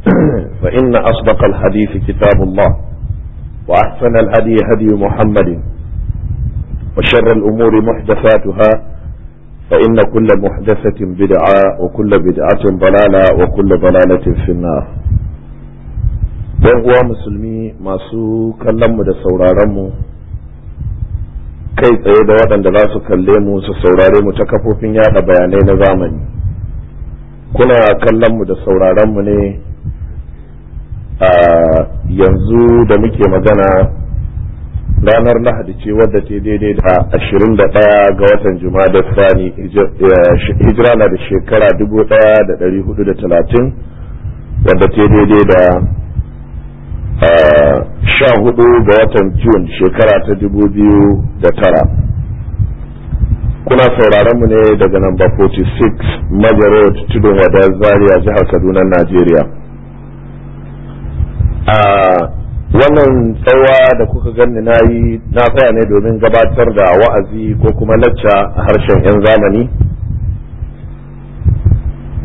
فإن أصدق الحديث كتاب الله وأحسن الهدي هدي محمد وشر الأمور محدثاتها فإن كل محدثة بدعة وكل بدعة ضلالة وكل ضلالة في النار وهو مسلمي ما سو كلم دا سورارم كي تأيد ودن دلاس كلم سورارم تكفو فينا بيانين زامن كنا كلم دا سورارم ني yanzu da muke magana ranar lahadi ce wadda ta daidai da da daya ga watan da sani hijira na da shekara dubu da da dari hudu talatin wadda ta daidai da sha hudu ga watan jun shekara ta dubu biyu da tara. kuna sauraron mu ne daga namba 46 magarot tudun wadar zaria jihar kaduna najeriya a wannan tsawa da kuka gani na yi na tsaya ne domin gabatar da wa'azi ko kuma lacca a harshen 'yan zamani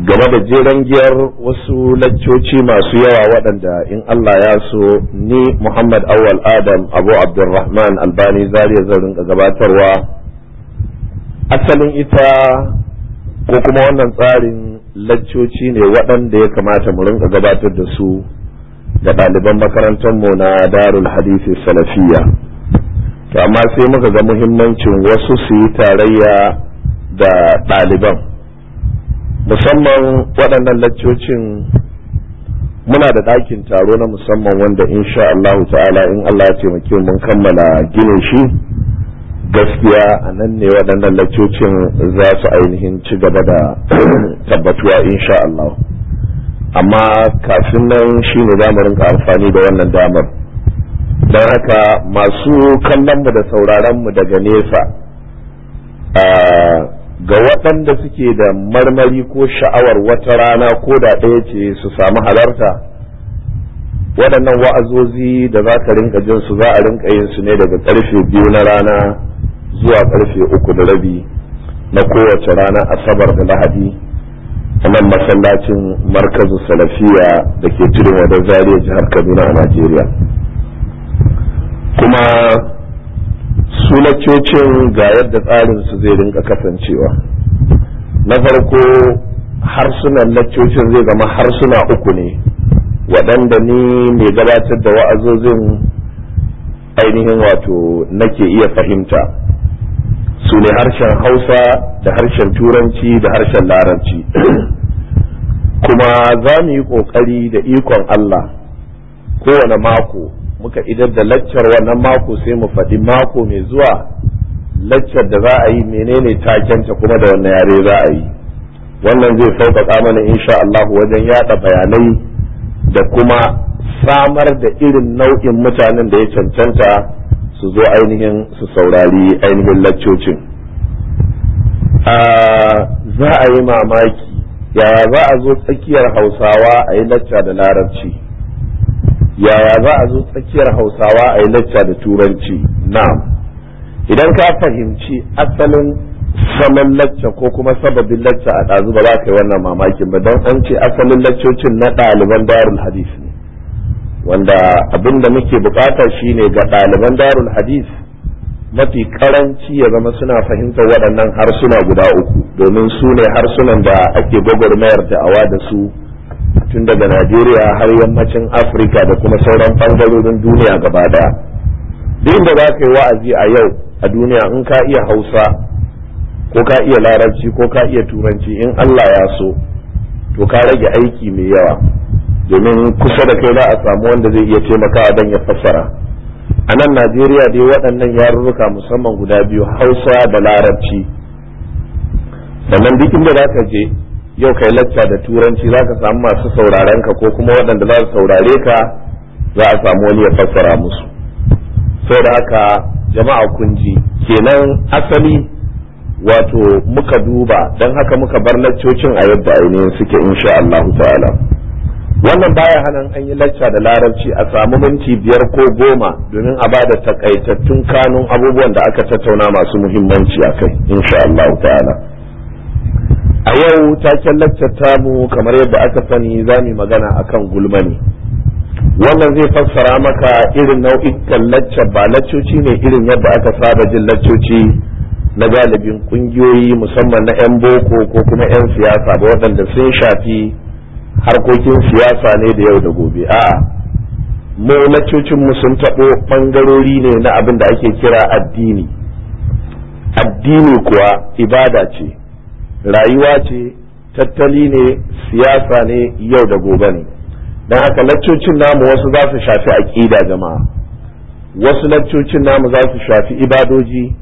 game da jeren giyar wasu laccoci masu yawa waɗanda in Allah ya so ni Muhammad Awal Adam Abu Abdulrahman Albani zariya zan rinka gabatarwa asalin ita ko kuma wannan tsarin laccoci ne waɗanda ya kamata mu rinka gabatar da su da ɗaliban makarantarmu na darul hadisi salafiya to amma sai muka ga muhimmancin wasu su yi tarayya da ɗaliban musamman waɗannan laccocin muna da ɗakin taro na musamman wanda insha Allah ta'ala in Allah ya taimake mun kammala ginin shi gaskiya a nan ne waɗannan laccocin za su ainihin ci gaba da tabbatuwa insha Allah. amma kafin nan shi ne za mu rinka amfani da wannan damar don haka masu kallon mu da sauraron mu daga nesa ga waɗanda suke da marmari ko sha'awar wata rana ko da ɗaya ce su samu halarta waɗannan wa'azozi da za ka rinka jin su za a rinka yin su ne daga ƙarfe biyu na rana zuwa ƙarfe uku da rabi na kowace rana asabar da lahadi a nan masallacin markazin salafiya da ke tudun wadar zariya jihar kaduna a najeriya kuma sunacocin ga yadda tsarin su zai rinka kasancewa na farko harsunan laccocin zai zama harsuna uku ne waɗanda ni mai gabatar da wa'azozin ainihin wato nake iya fahimta su ne harshen hausa da harshen turanci da harshen larabci kuma za mu yi ƙoƙari da ikon Allah kowane mako muka idar da laccar wannan mako sai mu faɗi mako mai zuwa laccar da za a yi menene takenta kuma da wannan yare za a yi wannan zai sauƙaƙa mana insha Allah wajen yaɗa bayanai da kuma samar da irin nau'in mutanen da ya cancanta su zo ainihin su saurari ainihin laccocin za a yi mamaki yaya za a zo tsakiyar hausawa a yi lacca da larabci yaya za a zo tsakiyar hausawa a yi lacca da turanci na'am idan ka fahimci asalin saman lacca ko kuma sababin lacca a ɗazu ba za ka yi wannan mamakin ba don an ce asalin laccocin na ɗaliban darul hadisi wanda abin da muke bukata shine ga ɗaliban darul hadis mafi karanci ya zama suna fahimtar waɗannan harsuna guda uku domin su ne harsunan da ake gwagwarmayar da'awa da su tun daga najeriya har yammacin afirka da kuma sauran ɓangarorin duniya gaba daya duk da za ka yi wa'azi a yau a duniya in ka iya hausa ko ka iya larabci ko ka iya turanci in allah ya so to ka rage aiki mai yawa domin kusa da kai za a samu wanda zai iya taimakawa don ya fassara a nan najeriya dai waɗannan yarurruka musamman guda biyu hausa da larabci sannan duk inda za ka je yau kai lacca da turanci za ka samu masu sauraren ka ko kuma waɗanda za su saurare ka za a samu wani ya fassara musu sau da haka jama'a kunji kenan asali wato muka duba don haka muka bar laccocin a yadda ainihin suke insha Allah ta'ala wannan baya hana an yi lacca da larabci a samu minti biyar ko goma domin a ba da takaitattun kanun abubuwan da aka tattauna masu muhimmanci a kai insha Allah ta'ala a yau taken ta mu kamar yadda aka sani zamu mu magana akan gulma ne wannan zai fassara maka irin nau'ikan lacca ba laccoci ne irin yadda aka saba jin laccoci na galibin kungiyoyi musamman na 'yan boko ko kuma 'yan siyasa ba waɗanda sun shafi harkokin siyasa ne da yau da gobe a'a mu mu sun taɓo ɓangarori ne na abin da ake kira addini addini kuwa ibada ce rayuwa ce tattali ne siyasa ne yau da gobe ne don haka laccocin namu wasu za su shafi aƙida jama'a wasu laccocin namu za su shafi ibadoji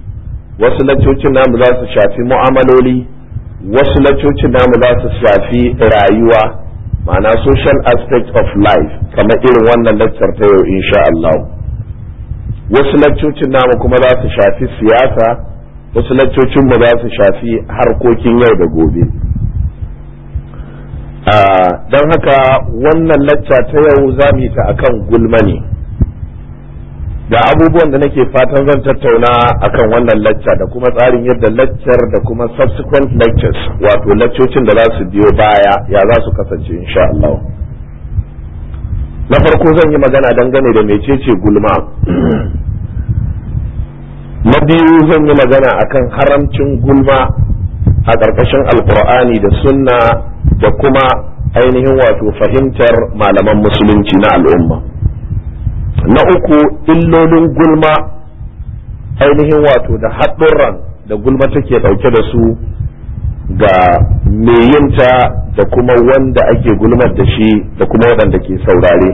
wasu laccocin namu za su shafi mu'amaloli wasu laccocin namu za su shafi rayuwa ma'ana social aspect of life kamar irin wannan lecture ta yau insha Allah wasu laccocin namu kuma za su shafi siyasa wasu lakcocin mu za su shafi harkokin yau da gobe ah, don haka wannan lecture ta yau za mu yi ta akan gulma ne Da abubuwan da nake fatan zan tattauna akan wannan lacca da kuma tsarin yadda laccar da kuma subsequent lectures wato laccocin da za su biyo baya ya za su kasance insha Allah na farko zan yi magana dangane da mecece gulma na biyu zan yi magana akan haramcin gulma a ƙarƙashin alkur'ani da sunna da kuma ainihin wato fahimtar malaman musulunci na al'umma na uku illolin gulma ainihin wato da haɗurran da gulma take ɗauke da su ga meyinta da kuma wanda ake gulmar da shi da kuma waɗanda ke saurare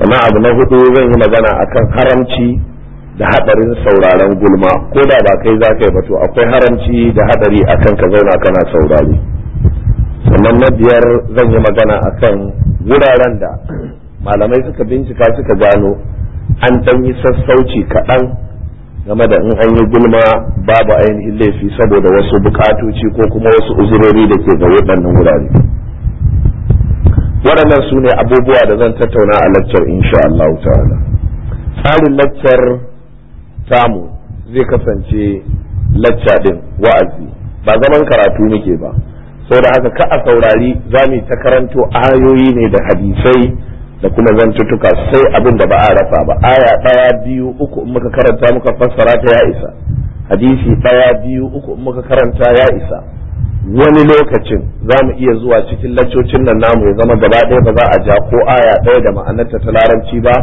sannan abu na hudu zan yi magana akan haramci da haɗarin sauraren gulma ko da ba kai za ka yi ba to akwai haramci da haɗari akan ka zauna kana saurare sannan na biyar zan yi magana akan wuraren da malamai suka bincika suka gano an ɗan yi sassauci kaɗan game da in an yi gulma babu ainihin laifi saboda wasu bukatoci ko kuma wasu uzurori da ke ga waɗannan wurare waɗannan su ne abubuwa da zan tattauna a laccar insha Allah ta'ala tsarin laccar tamu zai kasance lacca ɗin wa'azi ba zaman karatu muke ba sau da haka ka a saurari za mu ta karanto ayoyi ne da hadisai da kuma zan zantuttuka sai abin da ba a rasa ba aya ɗaya biyu uku in muka karanta muka fassara ta ya isa hadisi ɗaya biyu uku in muka karanta ya isa wani lokacin za mu iya zuwa cikin laccocin nan namu ya zama gaba ɗaya ba za a ja ko aya ɗaya da ma'anarta ta laranci ba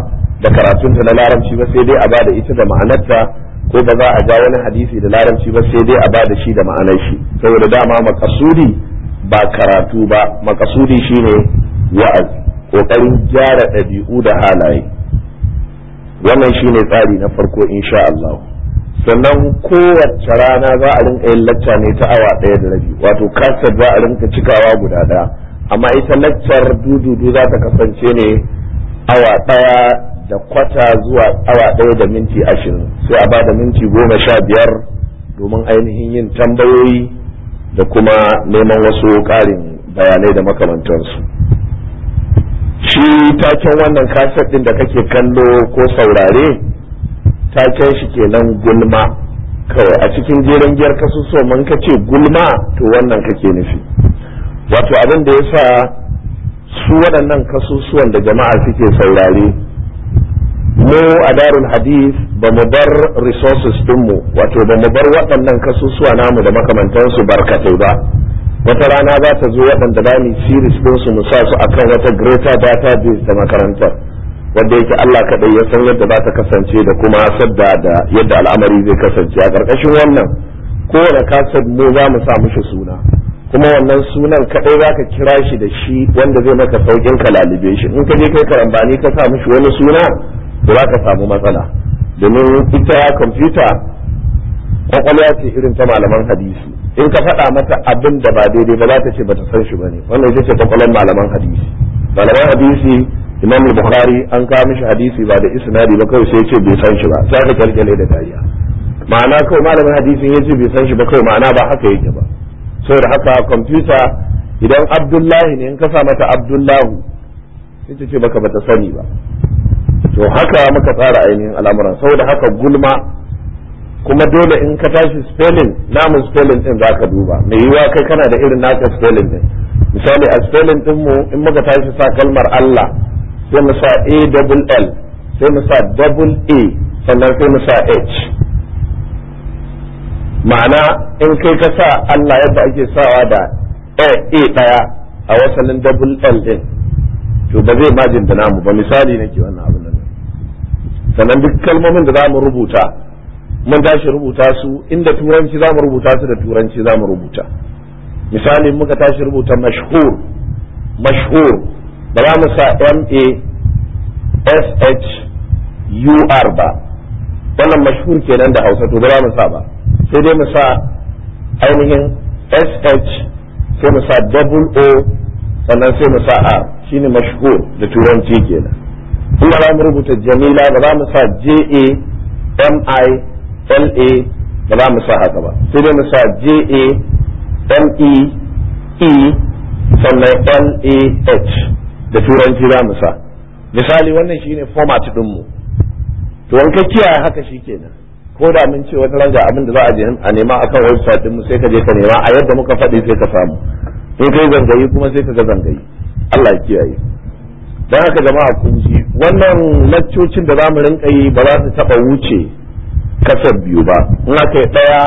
da karatunta na laranci ba sai dai a bada ita da ma'anarta ko ba za a ja wani hadisi da laranci ba sai dai a bada shi da ma'anar shi saboda dama makasudi ba karatu ba makasudi shine wa'azi ƙoƙarin gyara ɗabi'u da halaye wannan shine tsari na farko insha Allah sannan kowace rana za a rinka yin lacca ne ta awa ɗaya da rabi wato kasar za a rinka cikawa guda ɗaya amma ita laccar dududu za ta kasance ne awa ɗaya da kwata zuwa awa ɗaya da minti ashirin sai a ba da minti goma sha biyar domin ainihin yin tambayoyi da kuma neman wasu ƙarin bayanai da makamantarsu shi taken wannan kaset ɗin da kake kallo ko saurare taken shi kenan gulma kawai a cikin jeren giyar kasusuwa man ka ce gulma to wannan kake nufi wato abin da ya sa su waɗannan kasusuwan da jama'a suke saurare mu a darul hadith ba mu bar resources dinmu wato ba mu bar waɗannan kasusuwa namu da makamantansu barkatai ba wata rana za ta zo waɗanda ba ni series din su mu sa su kan wata data base da makarantar wanda yake Allah kaɗai ya san yadda za ta kasance da kuma sadda da yadda al'amari zai kasance a ƙarƙashin wannan kowane kasar mu za mu sa mishi suna kuma wannan sunan kaɗai za ka kira shi da shi wanda zai maka sauƙin ka lalube shi in ka je kai ka karambani ka sa mishi wani suna to za ka samu matsala domin ita kwamfuta kwakwalwa ce irin ta malaman hadisi in ka faɗa mata abin da ba daidai ba za ta ce ta san shi ba bane wannan ita ce kwakwalon malaman hadisi malaman hadisi imam bukhari an kawo mishi hadisi ba da isnadi ba kawai sai ya ce bai san shi ba sai aka kyalkyale da dariya ma'ana kawai malamin hadisin ya ce bai san shi ba kawai ma'ana ba haka yake ba da haka kwamfuta idan abdullahi ne in ka sa mata abdullahu sai ta ce baka ta sani ba to haka muka tsara ainihin al'amuran sau da haka gulma kuma dole in ka tashi spelling namun spelling din za ka duba mai yiwuwa kai kana da irin naka spelling din misali a spelling din mu in muka tashi sa kalmar Allah sai mu sa A double L sai mu sa double A sannan sai mu sa H ma'ana in kai ka sa Allah yadda ake sawa da A A daya a wasalin double L din to ba zai majin da namu ba misali nake wannan abin nan sannan duk kalmomin da za mu rubuta mun tashi rubuta su inda turanci za mu rubuta su da turanci za mu rubuta misali muka tashi rubuta mashhur mashhur ba za mu sa m a s h u r ba wannan mashhur kenan da hausa to ba za mu sa ba sai dai mu sa ainihin s h sai mu sa double o sannan sai mu sa r shine mashhur da turanci kenan in ba za mu rubuta jamila ba za mu sa j a m i la ba za mu sa haka ba sai dai mu sa ja NE, e sannan lah da turanci za mu sa misali wannan shine format ɗinmu to wanka kiyaye haka shi kenan ko da mun ce wata ranga abin da za a je a nema akan website din mu sai ka je ka nema a yadda muka faɗi sai ka samu in kai zangayi kuma sai ka ga zangayi Allah ya kiyaye dan haka jama'a kun ji wannan laccocin da zamu rinka yi ba za su taɓa wuce kasar biyu ba in aka yi ɗaya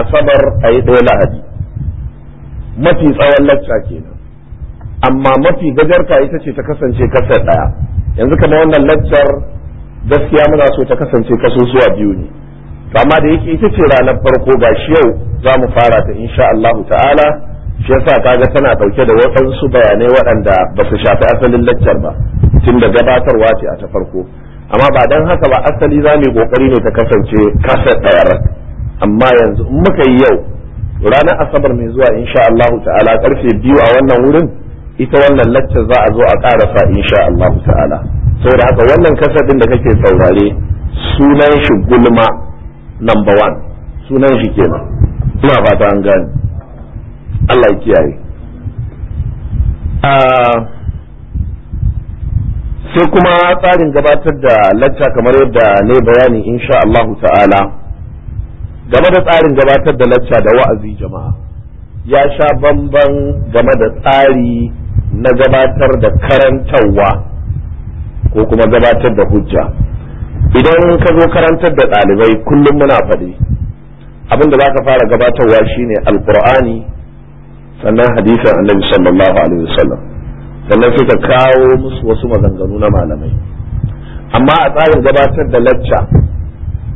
asabar a yi ɗaya lahadi mafi tsawon lacca kenan amma mafi gajarta ita ce ta kasance kasar ɗaya yanzu kama wannan laccar gaskiya muna so ta kasance kasusuwa biyu ne amma da yake ita ce ranar farko ba shi yau za mu fara ta insha Allahu ta'ala shi yasa kaga tana ɗauke da waɗansu bayanai waɗanda ba su shafi asalin laccar ba tun da gabatarwa ce a ta farko amma ba dan haka ba asali za mu yi kokari ne ta kasance kasa ɗaya amma yanzu in muka yi yau ranar asabar mai zuwa insha Allah ta'ala karfe biyu a wannan wurin ita wannan lacca za a zo a karasa insha Allah ta'ala saboda haka wannan kasadin da kake saurare sunan shi gulma number one sunan shi kenan ina fata an gani Allah ya kiyaye ah, sai kuma tsarin gabatar da lacca kamar yadda ne bayani insha Allahu ta'ala game da tsarin gabatar da lacca da wa'azi jama'a ya sha bamban game da tsari na gabatar da karantarwa ko kuma gabatar da hujja idan ka zo karantar da ɗalibai kullum muna faɗi abinda za ka fara gabatarwa shine alkur'ani sannan hadisin annabi sallallahu alaihi wasallam sannan sai kawo musu wasu maganganu na malamai amma a tsarin gabatar da lacca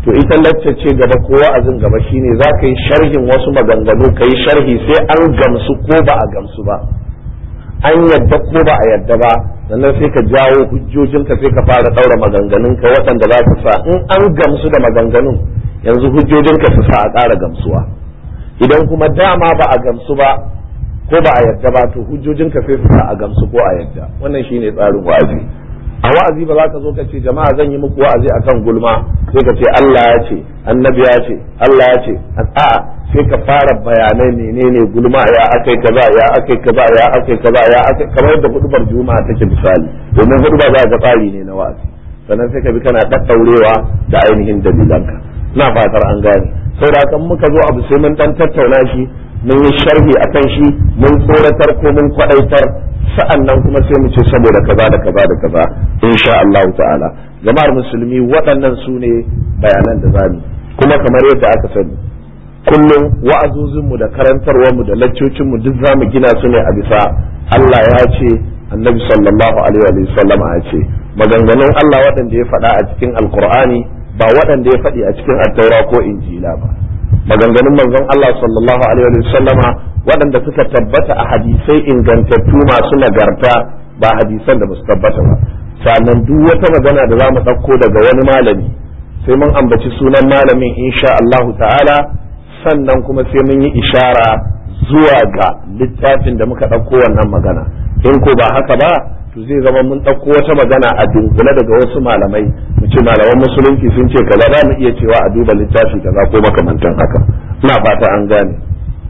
to ita lacca ce gaba ko wa'azin gaba shine za ka yi sharhin wasu maganganu ka yi sharhi sai an gamsu ko ba a gamsu ba an yadda ko ba a yadda ba sannan sai ka jawo hujjojinka sai ka fara ɗaura maganganun ka waɗanda za ka sa in an gamsu da maganganun yanzu hujjojinka su sa a ƙara gamsuwa idan kuma dama ba a gamsu ba ko ba a yarda ba to hujjojin ka sai fita a gamsu ko a yadda wannan shine tsarin wa'azi a wa'azi ba za ka zo ka ce jama'a zan yi muku wa'azi kan gulma sai ka ce Allah ya ce annabi ya ce Allah ya ce a sai ka fara bayanai menene gulma ya akai kaza ya akai kaza ya akai kaza ya akai kamar da hudubar juma'a take misali domin hudubar za ga tsari ne na wa'azi sannan sai ka bi kana daddaurewa da ainihin dalilanka na fatar an gane saboda kan muka zo abu sai mun dan tattauna shi mun yi sharhi a kan shi mun tsoratar ko mun sa'an nan kuma sai mu ce saboda kaza da kaza da kaza insha Allah ta'ala jama'ar musulmi waɗannan su ne bayanan da zamu kuma kamar yadda aka sani kullum wa'azuzinmu da karantarwarmu da laccocinmu duk zamu gina su ne a bisa Allah ya ce annabi sallallahu alaihi wa sallam ya ce maganganun Allah waɗanda ya faɗa a cikin alkur'ani ba waɗanda ya faɗi a cikin attaura ko injila ba maganganun manzon Allah sallallahu alaihi wa sallama waɗanda suka tabbata a hadisai ingantattu masu nagarta ba hadisan da basu tabbata ba sannan duk wata magana da za mu ɗauko daga wani malami sai mun ambaci sunan malamin insha Allah ta'ala sannan kuma sai mun yi ishara zuwa ga littafin da muka ɗauko wannan magana in ko ba haka ba to zai zama mun ɗauko wata magana a dunkule daga wasu malamai mu ce malaman musulunci sun ce kaza za mu iya cewa a duba littafi kaza ko makamantan haka ina fata an gane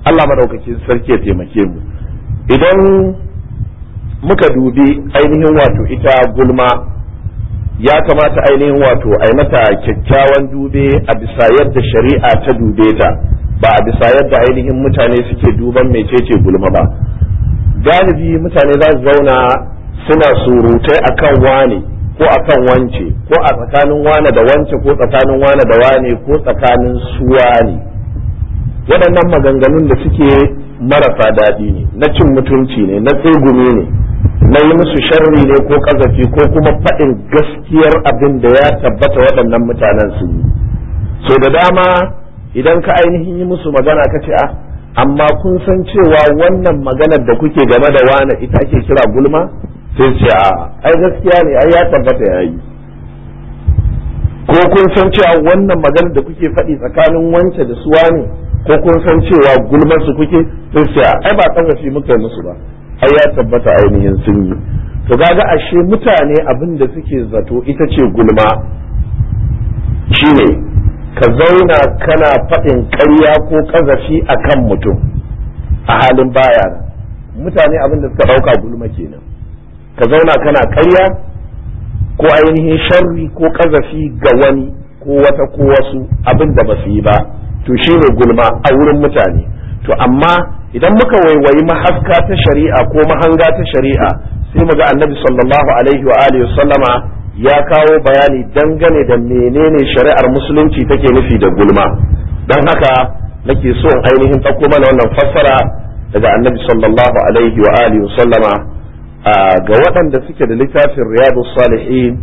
Allah madaukakin sarki ya taimake mu idan muka dubi ainihin wato ita gulma ya kamata ainihin wato a yi mata kyakkyawan dube a bisa yadda shari'a ta dube ta ba a bisa yadda ainihin mutane suke duban mecece gulma ba galibi mutane za su zauna suna surutai akan wane ko akan wance ko a tsakanin wane da wance ko tsakanin wane da wane ko tsakanin su wane waɗannan maganganun da suke marasa daɗi ne na cin mutunci ne na tsegumi ne na yi musu sharri ne ko kazafi ko kuma faɗin gaskiyar abin da ya tabbata waɗannan mutanen su yi so da dama idan ka ainihin yi musu magana ka ce a ah, amma kun san cewa wannan maganar da kuke game da wane ita ake kira gulma sai ce a ai gaskiya ne ai ya tabbata ya yi ko kun san cewa wannan magana da kuke faɗi tsakanin wance da suwa ne ko kun san cewa gulman su kuke sai ce a ai ba kasafi muka musu ba ai ya tabbata ainihin sun yi to gaga ashe mutane abin da suke zato ita ce gulma shine ka zauna kana faɗin ƙarya ko ƙazafi a kan mutum a halin baya mutane abin da suka ɗauka gulma kenan ka zauna kana karya ko ainihin sharri ko kazafi ga wani ko wata ko wasu abin da ba su yi ba to shi ne gulma a wurin mutane to amma idan muka waiwayi mahaska ta shari'a ko mahanga ta shari'a sai mu ga annabi sallallahu alaihi wa alihi sallama ya kawo bayani dangane da menene shari'ar musulunci take nufi da gulma don haka nake so ainihin ɗauko mana wannan fassara daga annabi sallallahu alaihi wa alihi sallama ga waɗanda suke da littafin riyadu salihin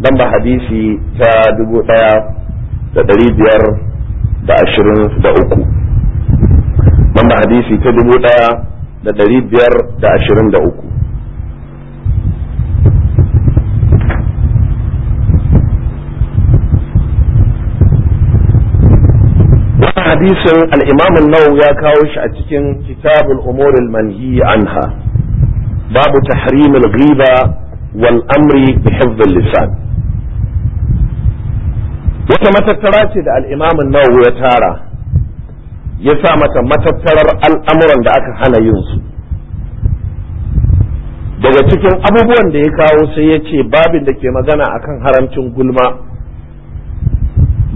dan ba hadisi ta dubu ɗaya da ɗari biyar da ashirin da uku dan ba hadisi ta dubu ɗaya da ɗari biyar da ashirin da uku hadisin al'imamin nau ya kawo shi a cikin kitabul umuril manhi anha babu tahrimul ghiba wal amri bi hifdhil lisan wata matattara ce da al'imamin nawa ya tara ya sa mata matattarar al'amuran da aka hana yin su daga cikin abubuwan da ya kawo sai ya ce babin da ke magana akan haramcin gulma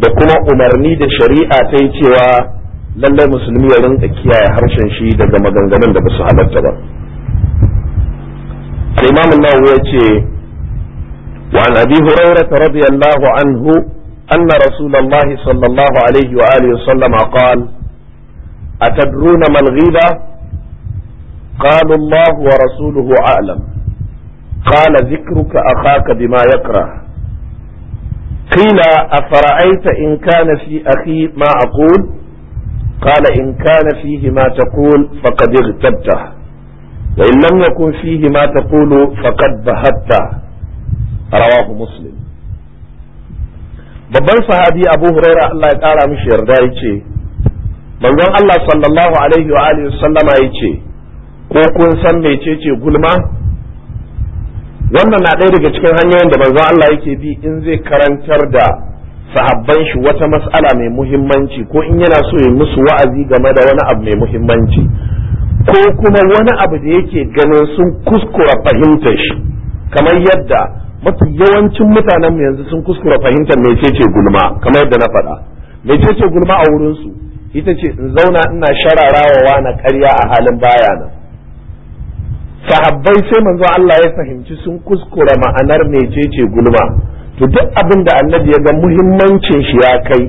da kuma umarni da shari'a ta yi cewa lallai musulmi ya rinka kiyaye harshen shi daga maganganun da ba su halatta ba al-imam an-nawawi yace wa an abi hurairah radiyallahu anhu anna rasulullahi sallallahu alaihi wa alihi wasallam qala atadruna man ghiba qala allah wa rasuluhu a'lam قال ذكرك أخاك بما يكره قيل أفرأيت إن كان في أخي ما أقول قال إن كان فيه ما تقول فقد اغتبته wa in lam yakun fihi ma taqulu faqad bahatta rawahu muslim babban sahabi abu huraira Allah ya kara mishi yarda yace manzon Allah sallallahu alaihi wa alihi sallama yace ko kun san mecece gulma wannan na ɗaya daga cikin hanyoyin da manzon Allah yake bi in zai karantar da sahabban shi wata mas'ala mai muhimmanci ko in yana so ya musu wa'azi game da wani abu mai muhimmanci ko kuma wani abu da yake ganin sun kuskura fahimtar shi kamar yadda mafi yawancin mutanen mu yanzu sun kuskura fahimtar mecece gulma kamar yadda na faɗa mecece gulma a wurin su ita ce in zauna ina shararawa na ƙarya a halin baya nan sahabbai sai manzo Allah ya fahimci sun kuskura ma'anar mecece gulma to duk abin da annabi ya ga muhimmancin shi ya kai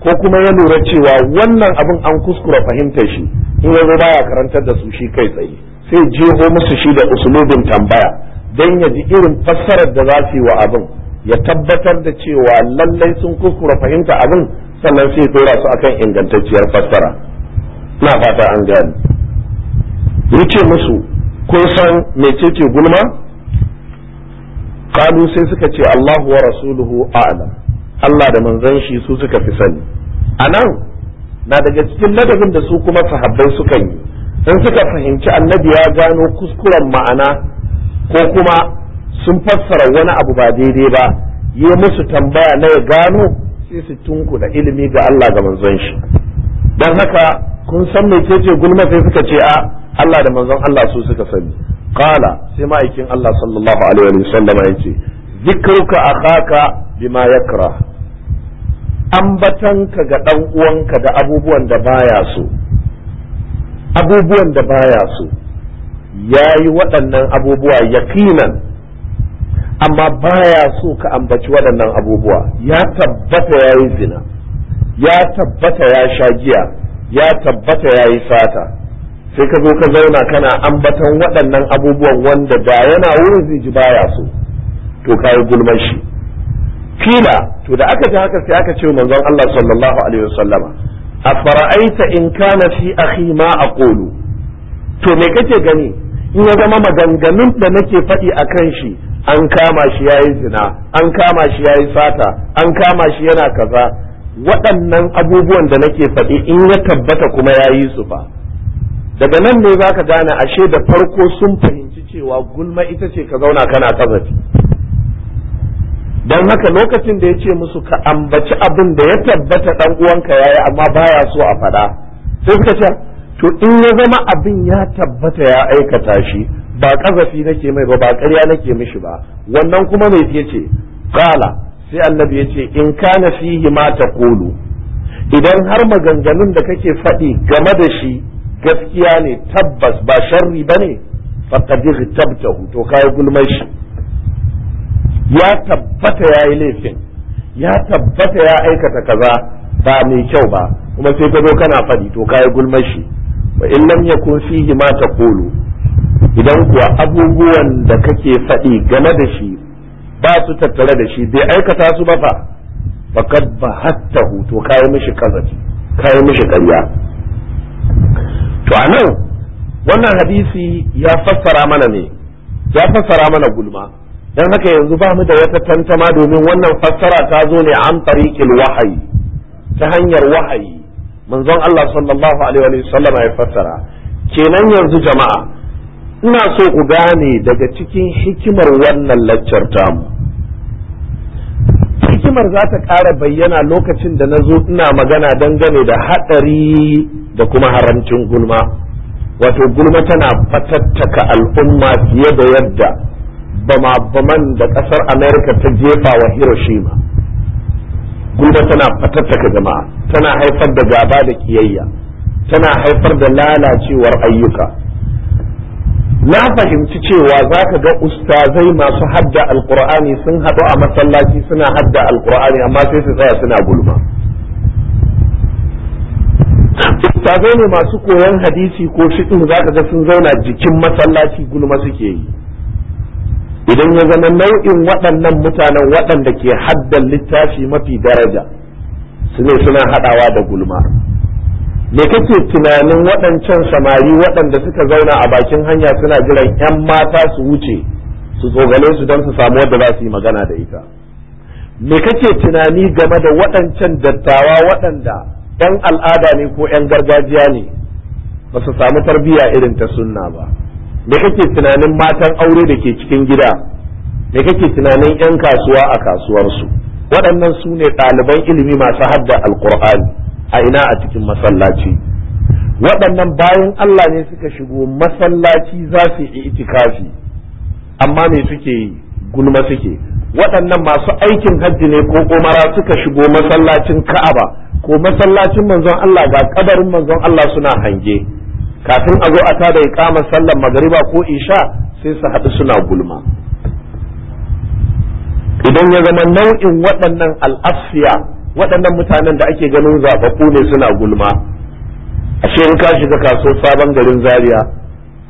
ko kuma ya lura cewa wannan abin an kuskura fahimtar shi in yanzu baya karantar da su shi kai tsaye sai jeho musu shi da usulubin tambaya don ya ji irin fassarar da za su yi wa abin ya tabbatar da cewa lallai sun kuskura fahimta abin sannan sai tura su akan ingantacciyar fassara na fata an gani wuce musu kun san mecece gulma kalu sai suka ce Allahu wa rasuluhu a'lam Allah da manzon shi su suka fi sani a nan na daga cikin ladabin da su kuma sahabbai suka yi sun suka fahimci annabi ya gano kuskuren ma'ana ko kuma sun fassara wani abu ba daidai ba yi musu tambaya na ya gano sai su da ilimi ga Allah da manzon shi don haka kun san mai ce gulma sai suka ce a Allah da manzon Allah su suka sani qala sai ma'aikin Allah sallallahu alaihi wa sallam ya ce zikruka akhaka bima yakrah ambatanka ga ɗan uwanka da abubuwan da baya so abubuwan da baya so ya yi waɗannan abubuwa yakinan amma baya so ka ambaci waɗannan abubuwa ya tabbata ya yi zina ya tabbata ya sha giya ya tabbata ya yi sata sai ka zo ka zauna kana ambatan waɗannan abubuwan wanda da yana wurin zai ji baya so to ka yi gulman shi kila to da aka ji haka sai aka ce manzon Allah sallallahu alaihi wasallama afara'aita in kana fi akhi ma aqulu to me kake gani in ya zama maganganun da nake faɗi a kan shi an kama shi yayi zina an kama shi yayi sata an kama shi yana kaza waɗannan abubuwan da nake faɗi in ya tabbata kuma yayi su fa daga nan ne za ka gane ashe da farko sun fahimci cewa gulma ita ce ka zauna kana kazafi don haka lokacin da ya ce musu ka ambaci abin da ya tabbata dan uwanka yayi amma baya so a faɗa sai suka ce to in ya zama abin ya tabbata ya aikata shi ba kazafi nake mai ba ba ƙarya nake mishi ba wannan kuma mai ce. qala sai annabi ce in kana fihi ma taqulu idan har maganganun da kake faɗi game da shi gaskiya ne tabbas ba sharri bane faqad tabtahu to kai gulmai shi ya tabbata ya yi laifin ya tabbata ya aikata kaza ba mai kyau ba kuma sai ka zo kana fadi to kayi gulmashi shi wa in lam yakun fihi ma taqulu idan kuwa abubuwan da kake fadi game da shi ba su tattare da shi bai aikata su ba fa faqad bahattahu to kayi mishi kazati kayi mishi ƙarya to anan wannan hadisi ya fassara mana ne ya fassara mana gulma dan haka yanzu ba mu da wata tantama domin wannan fassara ta zo ne an tariqil wahayi ta hanyar wahayi manzon Allah sallallahu alaihi wa sallam ya fassara kenan yanzu jama'a ina so ku gane daga cikin hikimar wannan laccar tamu hikimar za ta ƙara bayyana lokacin da na zo ina magana dangane da haɗari da kuma haramcin gulma wato gulma tana fatattaka al'umma fiye da yadda bama-baman da ƙasar amerika ta jefa wa hiroshima gulma tana fatattaka jama'a tana haifar da gaba da kiyayya tana haifar da lalacewar ayyuka na fahimci cewa za ka ga ustazai masu hadda alkur'ani sun haɗu a masallaci suna hadda alkur'ani amma sai su tsaya suna gulma ustazai ne masu koyon hadisi ko shiɗin za ka ga sun zauna jikin masallaci gulma suke yi idan ya zama nau'in waɗannan mutanen waɗanda ke haddan littafi mafi daraja su ne suna haɗawa da gulma me kake tunanin waɗancan samari waɗanda suka zauna a bakin hanya suna jiran 'yan mata su wuce su tsogale su don su samu wadda za su yi magana da ita me kake tunani game da waɗancan dattawa waɗanda 'yan al'ada ne ko 'yan gargajiya ne ba su samu tarbiyya irin ta sunna ba me kake tunanin matan aure da ke cikin gida me kake tunanin 'yan kasuwa a kasuwarsu waɗannan su ne ɗaliban ilimi masu hadda alkur'ani a ina a cikin masallaci waɗannan bayan Allah ne suka shigo masallaci za su yi itikafi amma me suke yi gulma suke waɗannan masu aikin hajji ne ko umara suka shigo masallacin ka'aba ko masallacin manzon Allah ga kabarin manzon Allah suna hange kafin a zo a ta da iqamar sallar magariba ko isha sai su haɗu suna gulma idan ya zama nau'in waɗannan al'asiya waɗannan mutanen da ake ganin zafafu ne suna gulma ashe in ka shiga kasuwar sabon garin zaria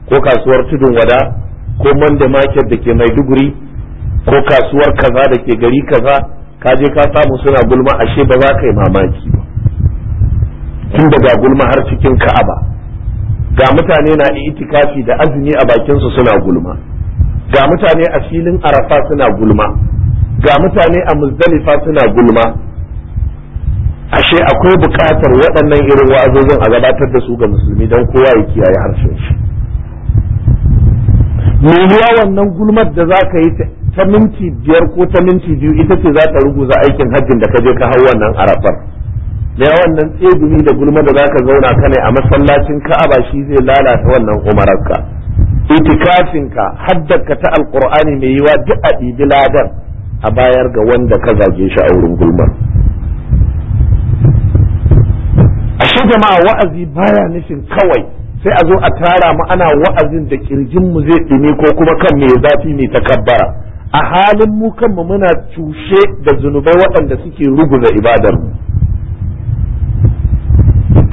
ko kasuwar tudun wada ko manda market da ke maiduguri ko kasuwar kaza da ke gari kaza ka je ka samu suna gulma ashe ba za ka yi mamaki ba tun daga gulma har cikin ka'aba ga mutane na itikafi da azumi a bakinsu suna gulma ga mutane a filin arafa suna gulma ga mutane a muzdalifa suna gulma ashe akwai bukatar waɗannan irin wa'azozin a gabatar da su ga musulmi don kowa ya kiyaye harshen shi yiwuwa wannan gulmar da za ka yi ta minti biyar ko ta minti biyu ita ce za ta ruguza aikin hajjin da ka je ka hau wannan arafar da yawan nan tsegumi da gulma da zaka zauna ne, a masallacin ka'aba shi zai lalata wannan umararka itikafinka haddaka ta alqur'ani mai yiwa duk a ɗibi ladar a bayar ga wanda ka zage shi a wurin gulmar shi jama'a wa'azi baya nishin kawai sai a zo a tara mu ana wa'azin da kirjin mu zai ɗume ko kuma kan mai zafi mai takabbara a halin mu kanmu muna cushe da zunubai waɗanda suke ruguza ibadar mu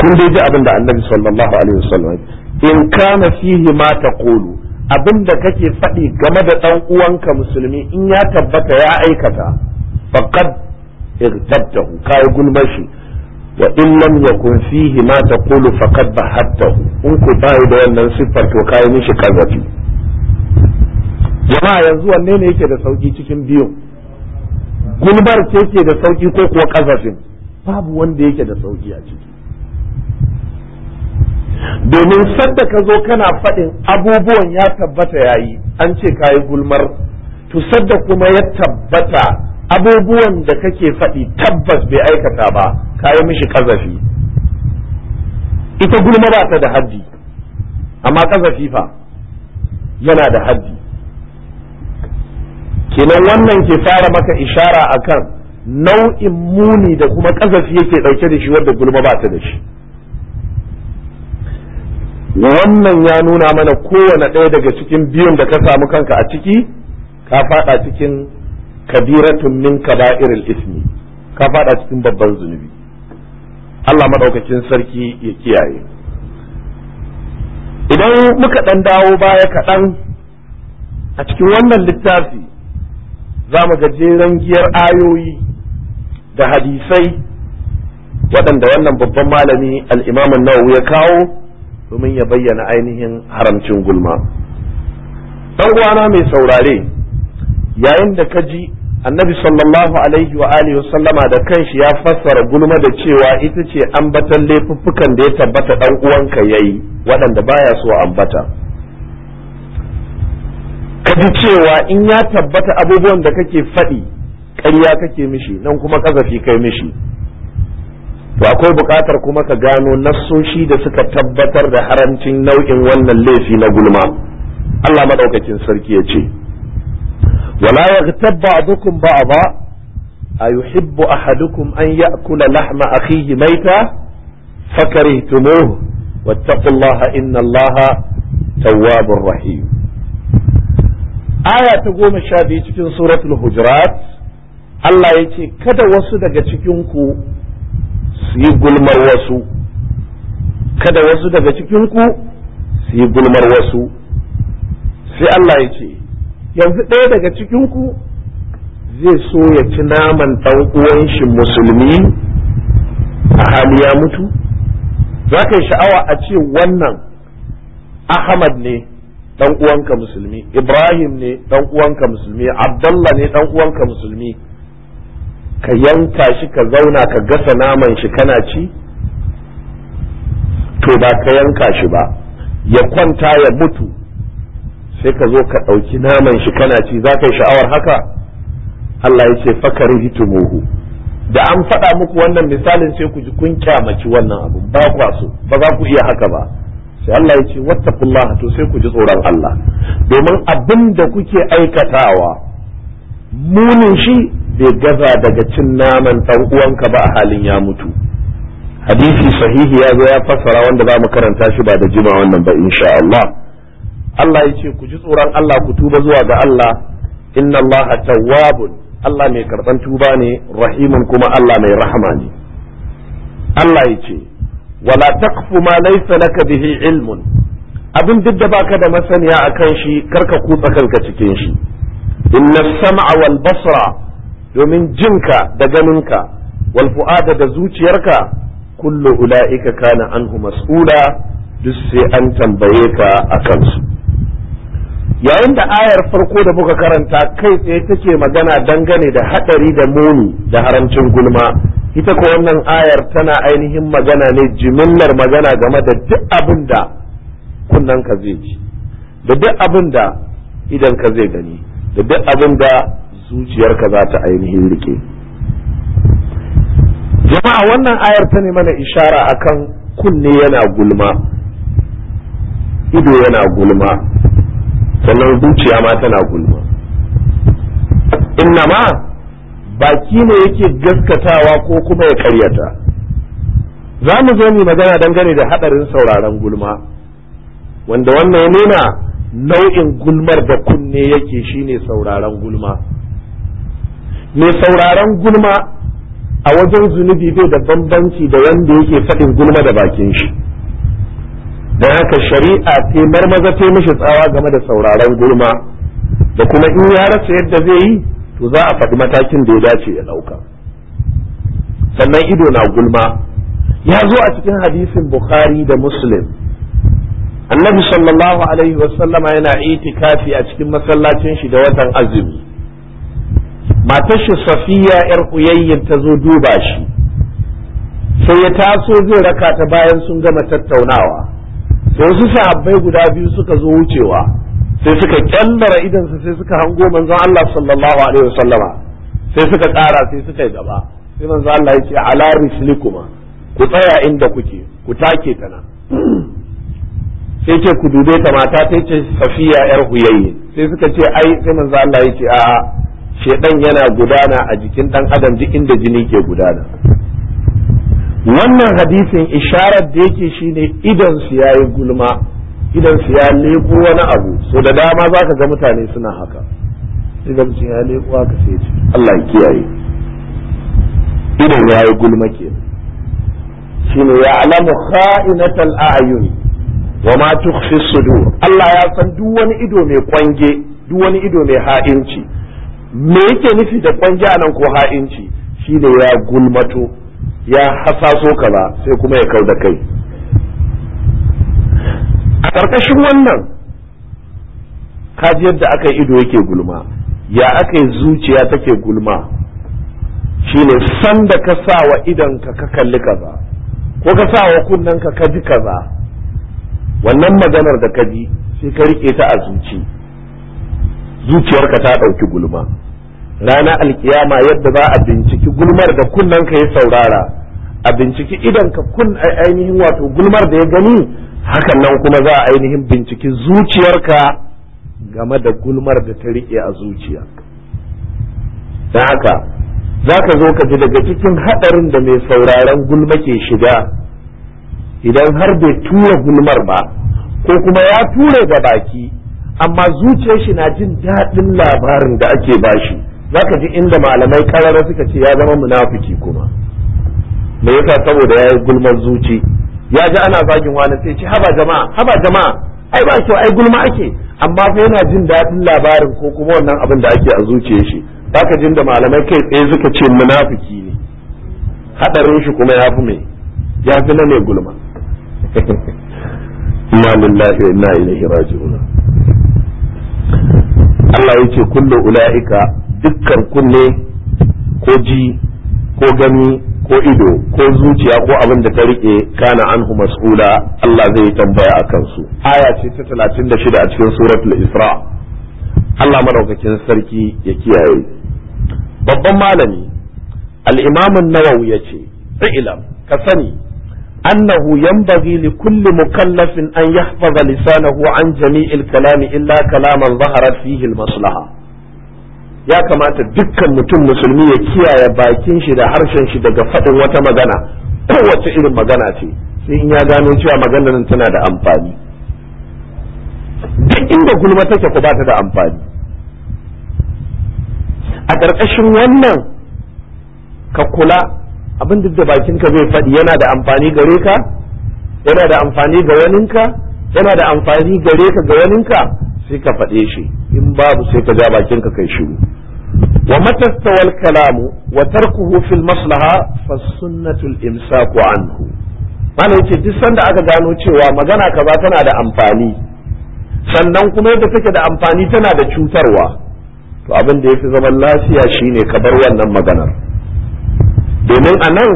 in dai ji abin da annabi sallallahu alaihi wasallam in kana fihi ma taqulu abin da kake faɗi game da ɗan uwanka musulmi in ya tabbata ya aikata faqad irtabtahu kai gulmashi shi wa in lam yakun fihi ma taqulu faqad bahattahu in ku bai da wannan siffar to kai mishi kazafi jama'a yanzu wanne ne yake da sauki cikin biyu gulmar ce ke da sauki ko kuwa kazafin babu wanda yake da sauki a ciki domin sadda ka zo kana faɗin abubuwan ya tabbata yayi an ce kayi gulmar to sadda kuma ya tabbata abubuwan da kake faɗi tabbas bai aikata ba yi mishi kazafi ita gulma ba ta da haddi amma kazafi fa yana da haddi kenan wannan ke fara maka ishara akan nau'in muni da kuma kazafi yake ɗauke da shi wadda gulma ba ta da shi wannan ya nuna mana kowane ɗaya daga cikin biyun da ka samu kanka a ciki ka faɗa cikin kabiratun min kaba'iril ismi ka faɗa cikin babban zunubi Allah maɗaukacin sarki ya kiyaye idan muka ɗan dawo baya kaɗan a cikin wannan littafi za mu ga jeren giyar ayoyi da hadisai waɗanda wannan babban malami al'imamin nawawi ya kawo domin ya bayyana ainihin haramcin gulma Ɗan uwana mai saurare yayin da ka ji annabi sallallahu alaihi wa alihi sallama da kanshi ya fassara gulma da cewa ita ce ambatan laifuffukan da ya tabbata dan uwanka yayi waɗanda baya so ambata ka ji cewa in ya tabbata abubuwan da kake faɗi ƙarya kake mishi nan kuma ƙazafi kai mishi to akwai bukatar kuma ka gano nassoshi da suka tabbatar da haramcin nau'in wannan laifi na gulma Allah madaukakin sarki ya ce wala yaghtab ba'dukum ba'dha ayuhibbu ahadukum an ya'kula lahma akhihi maita فكرهتموه واتقوا الله إن الله تواب رحيم آية تقوم الشابي في سورة الهجرات Allah ya ce, Kada wasu daga cikin ku su yi gulmar wasu kada wasu daga cikinku su yi gulmar wasu sai Allah ya ce yanzu ɗaya daga cikinku zai so ya ci naman ɗan uwan shi musulmi a hali ya mutu za ka yi sha'awa a ce wannan ahmad ne ɗan uwanka musulmi ibrahim ne ɗan uwanka musulmi abdallah ne ɗan uwanka musulmi ka yanka shi ka zauna ka gasa naman shi kana ci to ba ka yanka shi ba ya kwanta ya mutu sai ka zo ka ɗauki naman shi kana ci za ka yi sha'awar haka Allah ya ce fakari hitumuhu da an faɗa muku wannan misalin sai ku ji kun kyamaci wannan abu ba ku so ba za ku iya haka ba sai Allah ya ce wattaqullaha to sai ku ji tsoron Allah domin abin da kuke aikatawa munin shi bai gaza daga cin naman ɗan uwanka ba a halin ya mutu hadisi sahihi ya zo ya fassara wanda za mu karanta shi ba da jima wannan ba insha Allah Allah ya ce ku ji tsoron Allah ku tuba zuwa ga Allah inna Allah tawwabun Allah mai karban tuba ne rahimun kuma Allah mai rahama ne Allah ya ce wala taqfu ma laysa laka bihi ilmun abin duk da baka da masaniya akan shi karka kutsa kanka cikin shi inna sam'a wal basra domin jinka da ganinka wal fu'ada da zuciyarka kullu ula'ika kana anhu mas'ula duk sai an tambaye ka a kansu yayin da ayar farko da muka karanta kai tsaye take magana dangane da hadari da muni da haramcin gulma ita ko wannan ayar tana ainihin magana ne jimillar magana game da duk abin da kunnen ka zai ji da duk abin da idan ka zai gani da duk abin da zuciyarka za ta ainihin rike jama'a wannan ayar ta ne mana ishara akan kunne yana gulma ido yana gulma sannan zuciya ma tana gulma innama baki ne yake gaskatawa ko kuma ya karyata za mu zo mu magana dangane da haɗarin sauraron gulma wanda wannan ya nuna nau'in gulmar da kunne yake shine sauraron gulma mai sauraron gulma a wajen zunubi bai da bambanci da wanda yake faɗin gulma da bakin shi Da haka shari'a ta marmaza ta mishi tsawa game da sauraron gulma da kuma in ya rasa yadda zai yi to za a faɗi matakin da ya dace ya ɗauka sannan ido na gulma ya zo a cikin hadisin bukhari da muslim annabi sallallahu alaihi wasallama yana itikafi a cikin masallacin shi da watan azumi matar shi safiya yar huyayyin ta zo duba shi sai ya taso zai raka ta bayan sun gama tattaunawa sai su sahabbai guda biyu suka zo wucewa sai suka kyallara idansa sai suka hango manzon Allah sallallahu alaihi wasallama sai suka tsara sai suka yi gaba sai manzon Allah ya ce ala rislikuma ku tsaya inda kuke ku take ta nan sai ce ku dube ta mata sai ce safiya yar huyayye sai suka ce ai sai manzo Allah ya ce a'a shedan yana gudana a jikin dan adam duk inda jini ke gudana wannan hadisin isharar da yake shine idan su yayi gulma idan su ya leko wani abu so da dama zaka ga mutane suna haka idan su ya leko haka sai ce Allah ya kiyaye idan yayi gulma ke shine ya alamu kha'inatal a'yun wa ma tukhfi sudur Allah ya san duk wani ido mai kwange duk wani ido mai ha'inci me yake nufi da kwange anan ko ha'inci shine ya gulmato ya hasaso kaza sai kuma ya kauda kai a ƙarƙashin wannan kaji yadda aka ido yake gulma ya aka zuciya take gulma shine san da ka sa wa idan ka kalli kaza ko ka sa wa kunnen ka ji kaza wannan maganar da ka ji sai ka rike ta a zuci zuciyarka ta ɗauki gulma rana alkiyama yadda za a binciki gulmar da kunnen ka ya saurara a binciki idan ka kun ainihin wato gulmar da ya gani hakan nan kuma za a ainihin binciki zuciyarka game da gulmar da ta rike a zuciya haka za ka zo ka ji daga cikin haɗarin da mai sauraron gulma ke shiga idan har bai tura gulmar ba ko kuma ya ture ga baki amma zuciyar shi na jin daɗin labarin da ake bashi zaka ji inda malamai karara suka ce ya zama munafiki kuma me yasa saboda ya yi gulmar zuci ya ji ana zagin wani sai ce haba jama'a haba jama'a ai ba kyau ai gulma ake amma fa yana jin daɗin labarin ko kuma wannan abin da ake a zuciyar shi zaka jin da malamai kai tsaye suka ce munafiki ne hadarin shi kuma ya fi me ya fi na mai gulma inna lillahi wa inna ilaihi raji'un Allah yake kullu ula'ika dukkan kunne ko ji ko gani ko ido ko zuciya ko abin da ta rike kana anhu mas'ula Allah zai tambaya a kansu aya ce ta talatin da shida a cikin suratul isra Allah madaukakin sarki ya kiyaye babban malami al'imamin imam an ce yace ilam ka sani annahu yanbaghi li kulli mukallafin an yahfaza lisanahu an jami'il kalami illa kalaman zaharat fihi al-maslaha ya kamata dukkan mutum musulmi ya kiyaye bakin shi da harshen shi daga faɗin wata magana kowace irin magana ce sai in ya gano cewa maganar tana da amfani duk inda gulma take ku ba ta da amfani a ƙarƙashin wannan ka kula abin duk da bakinka zai faɗi yana da amfani gare ka yana da amfani ga waninka yana da amfani gare ka ga waninka sai ka faɗe shi in babu sai ka ja bakinka kai shiru wa matastawal kalamu wa tarkuhu fil maslaha fa sunnatul imsaku anhu malam yace duk sanda aka gano cewa magana kaza tana da amfani sannan kuma yadda take da amfani tana da cutarwa to abin da yafi zaman lafiya shine ka bar wannan maganar domin a nan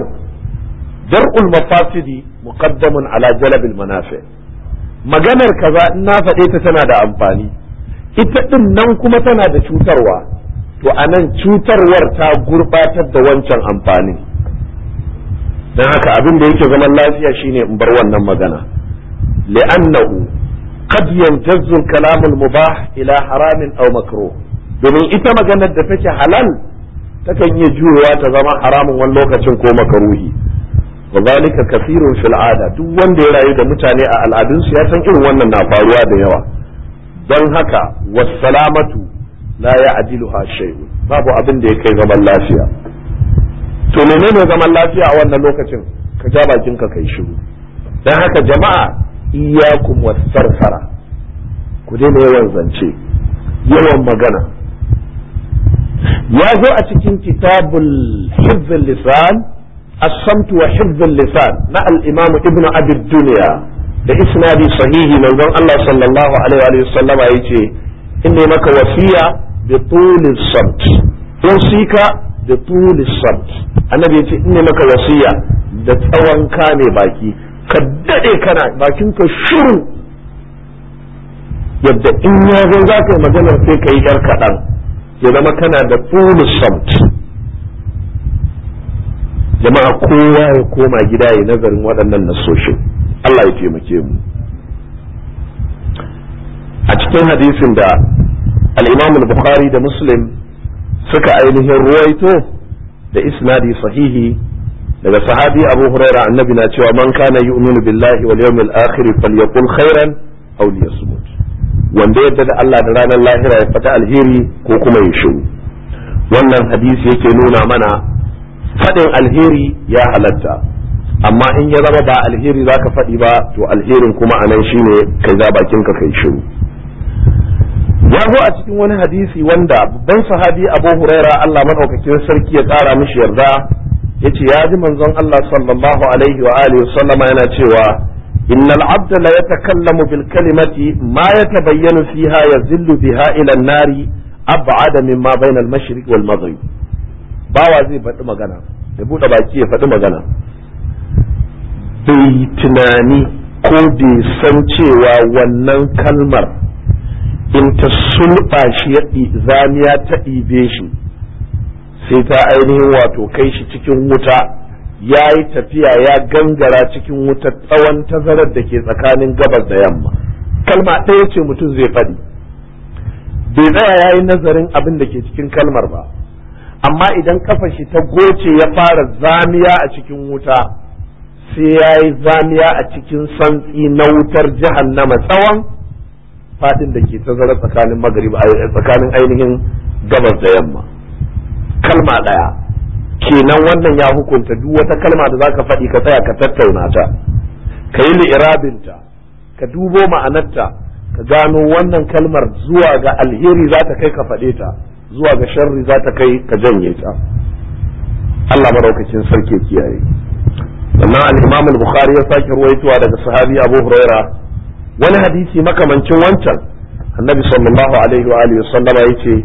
jar'ul mafasidi muqaddamun ala jalabil manafi maganar kaza in na faɗe ta tana da amfani ita ɗin nan kuma tana da cutarwa to a nan cutarwar ta gurɓatar da wancan amfanin don haka abin da yake zaman lafiya shine in bar wannan magana li'annahu qad yantazzu al-kalam al-mubah ila haramin aw makruh domin ita maganar da take halal takan iya juyowa ta zama haramun wani lokacin ko makaruhi wa zalika kasirun fil ada duk wanda ya rayu da mutane a al'adunsu ya san irin wannan na faruwa da yawa don haka wassalamatu la ya'diluha shay'un babu abin da ya kai zaman lafiya to menene zaman lafiya a wannan lokacin ka ja bakin ka kai shiru dan haka jama'a iyyakum wasarfara ku daina yawan zance yawan magana ya zo a cikin kitabul hifzul lisan as-samt wa hifzul na al-imam ibnu abi da isnadi sahihi manzon Allah sallallahu alaihi wa sallama yace in ne maka wasiya bi tulis samt wasika bi tulis samt annabi yace in ne maka wasiya da tsawon kame baki ka dade kana bakin ka shiru yadda in ya zo za ka yi maganar sai ka yi yar kaɗan ya zama kana da tsulu samt jama'a kowa ya koma gida ya nazarin waɗannan nasoshin Allah ya taimake mu a cikin hadisin da al-Imam al-Bukhari da Muslim suka ainihin ruwaito da isnadi sahihi daga sahabi Abu Hurairah annabi na cewa man kana yu'minu billahi wal yawmil akhir falyaqul khairan aw liyasmut wanda yadda da Allah da ranar lahira ya fata alheri ko kuma ya shiru wannan hadisi yake nuna mana faɗin alheri ya halatta amma in ya zama ba alheri zaka faɗi ba to alherin kuma a nan shine kai za bakin ka kai shiru ya zo a cikin wani hadisi wanda babban sahabi Abu Huraira Allah madaukakin sarki ya tsara mishi yarda yace ya ji manzon Allah sallallahu alaihi wa alihi sallama yana cewa innal ya ta kallamu bil kalimati ma yatabayyanu fiha yazillu biha ila nari ab'ada mimma bayna al-mashriq wal bawa zai faɗi magana ya buɗe baki ya faɗi magana bai yi tunani ko bai san cewa wannan kalmar in ta sulɓa shi zamiya ta ɗibe shi sai ta ainihin wato kai shi cikin wuta ya yi tafiya ya gangara cikin wuta tsawon tazarar da ke tsakanin gabas da yamma kalma ɗaya ce mutum zai faɗi bai tsaya ya yi nazarin abin da ke cikin kalmar ba amma idan kafa shi ta goce ya fara zamiya a cikin wuta sai ya yi zamiya a cikin santsi na wutar jahannama tsawon faɗin da ke tazarar tsakanin tsakanin ainihin gabas da yamma kalma ɗaya kenan wannan ya hukunta duk wata kalma da zaka faɗi ka tsaya ka tattauna ta ka yi li'irabinta ka dubo ma'anarta ka gano wannan kalmar zuwa ga alheri zata kai ka faɗe ta zuwa ga sharri zata kai ka janye ta Allah maraukakin sarki kiyaye sannan al-Imam al-Bukhari ya sake ruwaitowa daga sahabi Abu Huraira wani hadisi makamancin wancan annabi sallallahu alaihi wa alihi wasallama yace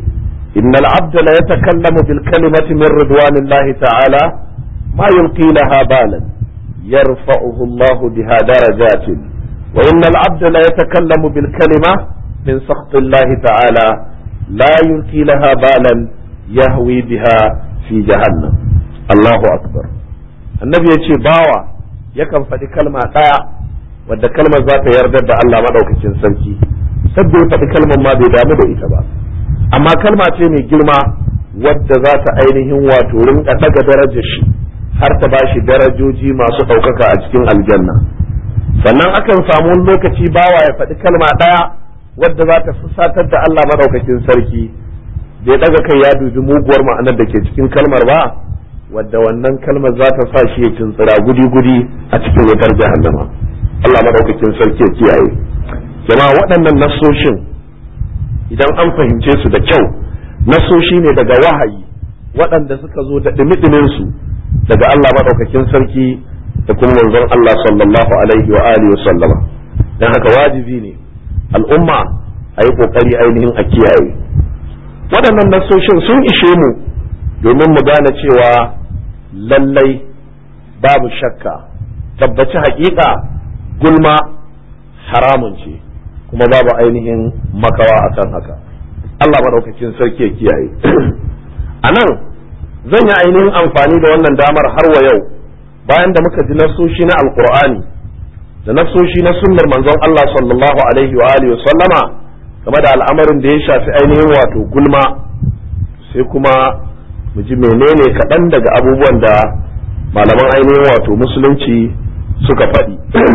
innal abda la yatakallamu bil kalimati min ridwanillahi ta'ala ma yulqi laha balan yarfa'uhu Allah biha darajatin wa innal abda la yatakallamu bil kalima min sakhtillahi ta'ala la yulqi laha balan yahwi biha fi jahannam Allahu akbar annabi yace bawa yakan faɗi kalma ɗaya wadda kalmar za ta yarda da Allah maɗaukacin sarki sabbi faɗi kalmar ma bai damu da ita ba amma kalma ce mai girma wadda za ta ainihin wato rinka daga darajar shi har ta ba shi darajoji masu ɗaukaka a cikin aljanna sannan akan samu lokaci bawa ya faɗi kalma ɗaya wadda za ta fusatar da Allah maɗaukakin sarki da ya ɗaga kai ya dubi muguwar ma'anar da ke cikin kalmar ba wadda wannan kalmar za ta sa shi ya tuntsira gudi-gudi a cikin wutar jahannama Allah maɗaukakin sarki ya kiyaye jama'a waɗannan nasoshin idan an fahimce su da kyau nasoshi ne daga wahayi waɗanda suka zo da ɗimi su daga Allah maɗaukakin sarki da kuma manzon Allah sallallahu alaihi wa alihi wa sallama dan haka wajibi ne al'umma a yi kokari ainihin a kiyaye waɗannan nasoshin sun ishe mu domin mu gane cewa lallai babu shakka tabbaci haƙiƙa gulma haramun ce kuma babu ainihin makawa kan haka Allah maɗaukakin sarki ya kiyaye a nan zan yi ainihin amfani da wannan damar har wa yau bayan da muka ji nasoshi na alkur'ani da nasoshi na sunnar manzon Allah sallallahu alaihi wa alihi sallama game da al'amarin da ya shafi ainihin wato gulma sai kuma mu ji menene kaɗan daga abubuwan da malaman ainihin wato musulunci suka faɗi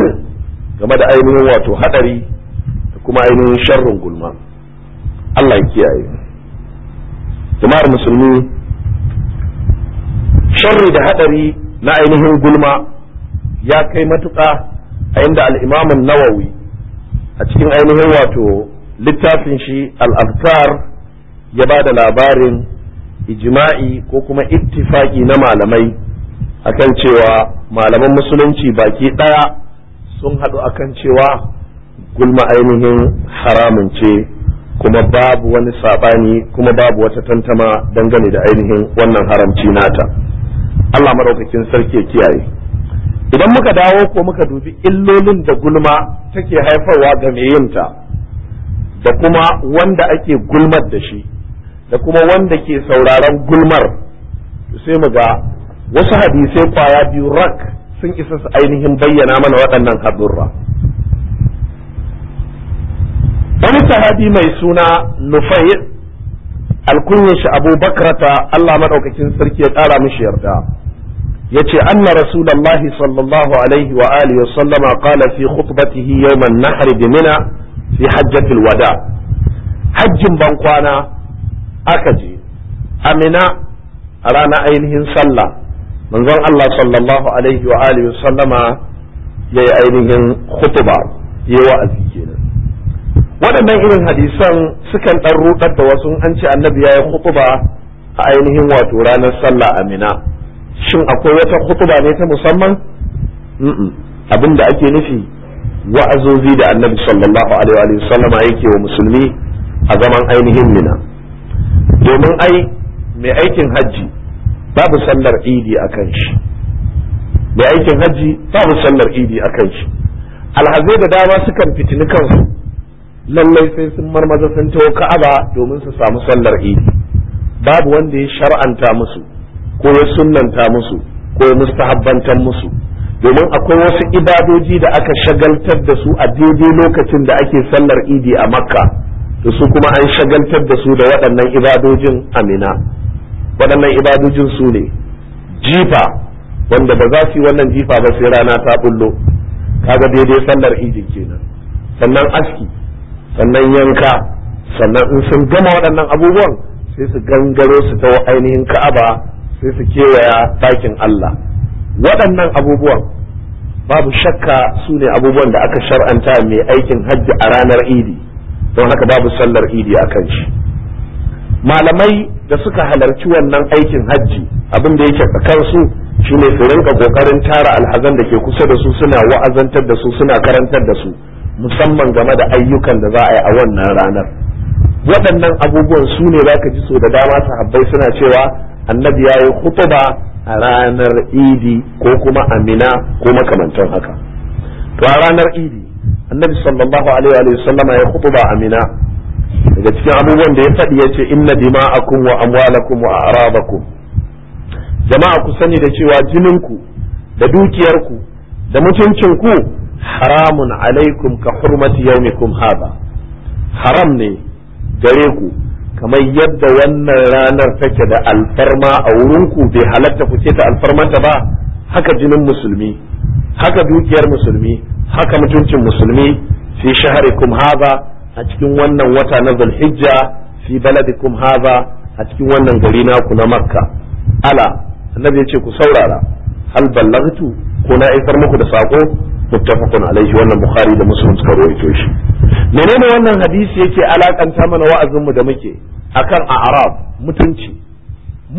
game da ainihin wato haɗari kuma ainihin sharrin gulma Allah ya kiyaye jama'ar musulmi sharri da hadari na ainihin gulma ya kai matuƙa a inda al'imamin nawawi a cikin ainihin wato littafin shi afkar ya ba da labarin ijma'i ko kuma ittifaki na malamai akan cewa malaman musulunci baki ɗaya sun haɗu akan cewa gulma ainihin haramun ce kuma babu wani sabani kuma babu wata tantama dangane da ainihin wannan haramci nata Allah madaukakin sarki ya kiyaye idan muka dawo ko muka dubi illolin da gulma take haifarwa ga meyinta yinta da kuma wanda ake gulmar da shi da kuma wanda ke sauraron gulmar sai mu ga wasu hadisai kwaya biyu rak sun isa su ainihin bayyana mana waɗannan haɗurra wani sahabi mai suna nufai alkunyin shi abu bakrata Allah maɗaukakin sarki ya ƙara mishi yarda ya ce anna rasulallahi sallallahu alaihi wa alihi wa sallama qala fi khutbatihi yawman nahr bi mina fi hajjatil wada hajjin ban kwana aka je amina a ranar ainihin sallah manzon Allah sallallahu alaihi wa alihi wa sallama yayi ainihin khutba yayi wa'azi kenan waɗannan irin hadisan sukan ɗan rudar da wasu an ce annabi ya yi hutuba a ainihin wato ranar sallah amina shin akwai wata hutuba ne ta musamman abin da ake nufi wa'azozi da annabi sallallahu alaihi wa sallama yake wa musulmi a zaman ainihin mina domin ai mai aikin hajji babu sallar idi a kan shi mai aikin hajji babu sallar idi a kan shi alhazai da dama sukan fitini kansu lallai sai sun marmaza sun taho ka'aba domin su samu sallar idi babu wanda ya shar'anta musu ko ya sunnanta musu ko ya mustahabbantan musu domin akwai wasu ibadoji da aka shagaltar da su a daidai lokacin da ake sallar idi a makka da su kuma an shagaltar da su da waɗannan ibadojin amina waɗannan ibadojin su ne jifa wanda ba za su yi wannan jifa ba sai rana ta bullo kaga daidai sallar idi kenan sannan aski sannan yanka sannan in sun gama waɗannan abubuwan sai su gangaro su ta ainihin ka'aba sai su kewaya ɗakin Allah waɗannan abubuwan babu shakka su ne abubuwan da aka shar'anta mai aikin hajji a ranar idi don haka babu sallar idi a kan shi malamai da suka halarci wannan aikin hajji abin da yake kansu shine su rinka kokarin tara alhazan da ke kusa da su suna wa'azantar da su suna karantar da su musamman game da ayyukan da za a yi a wannan ranar waɗannan abubuwan su ne za ka ji so da dama sahabbai suna cewa annabi ya yi hutuba a ranar idi ko kuma amina ko makamantan haka to a ranar idi annabi sallallahu alaihi wa sallama ya hutuba amina daga cikin abubuwan da ya faɗi ya ce inna dima'akum wa amwalakum wa arabakum jama'a ku sani da cewa jininku da dukiyarku da mutuncinku haramun alaikum ka hurmati yaumikum haram ne gare ku kamar yadda wannan ranar take da alfarma a wurinku bai halarta ku ce ta alfarmanta ba haka jinin musulmi haka dukiyar musulmi haka mutuncin musulmi Si fi shaharikum haza. a cikin wannan wata na hijja. Si fi baladikum haza. a cikin wannan gari naku na makka ala annabi ya ce ku saurara hal ballagtu ko na isar muku da sako muttafaqun alaihi wannan bukhari da muslim suka rawaito shi menene wannan hadisi yake alakanta mana wa'azin mu da muke akan a'rab mutunci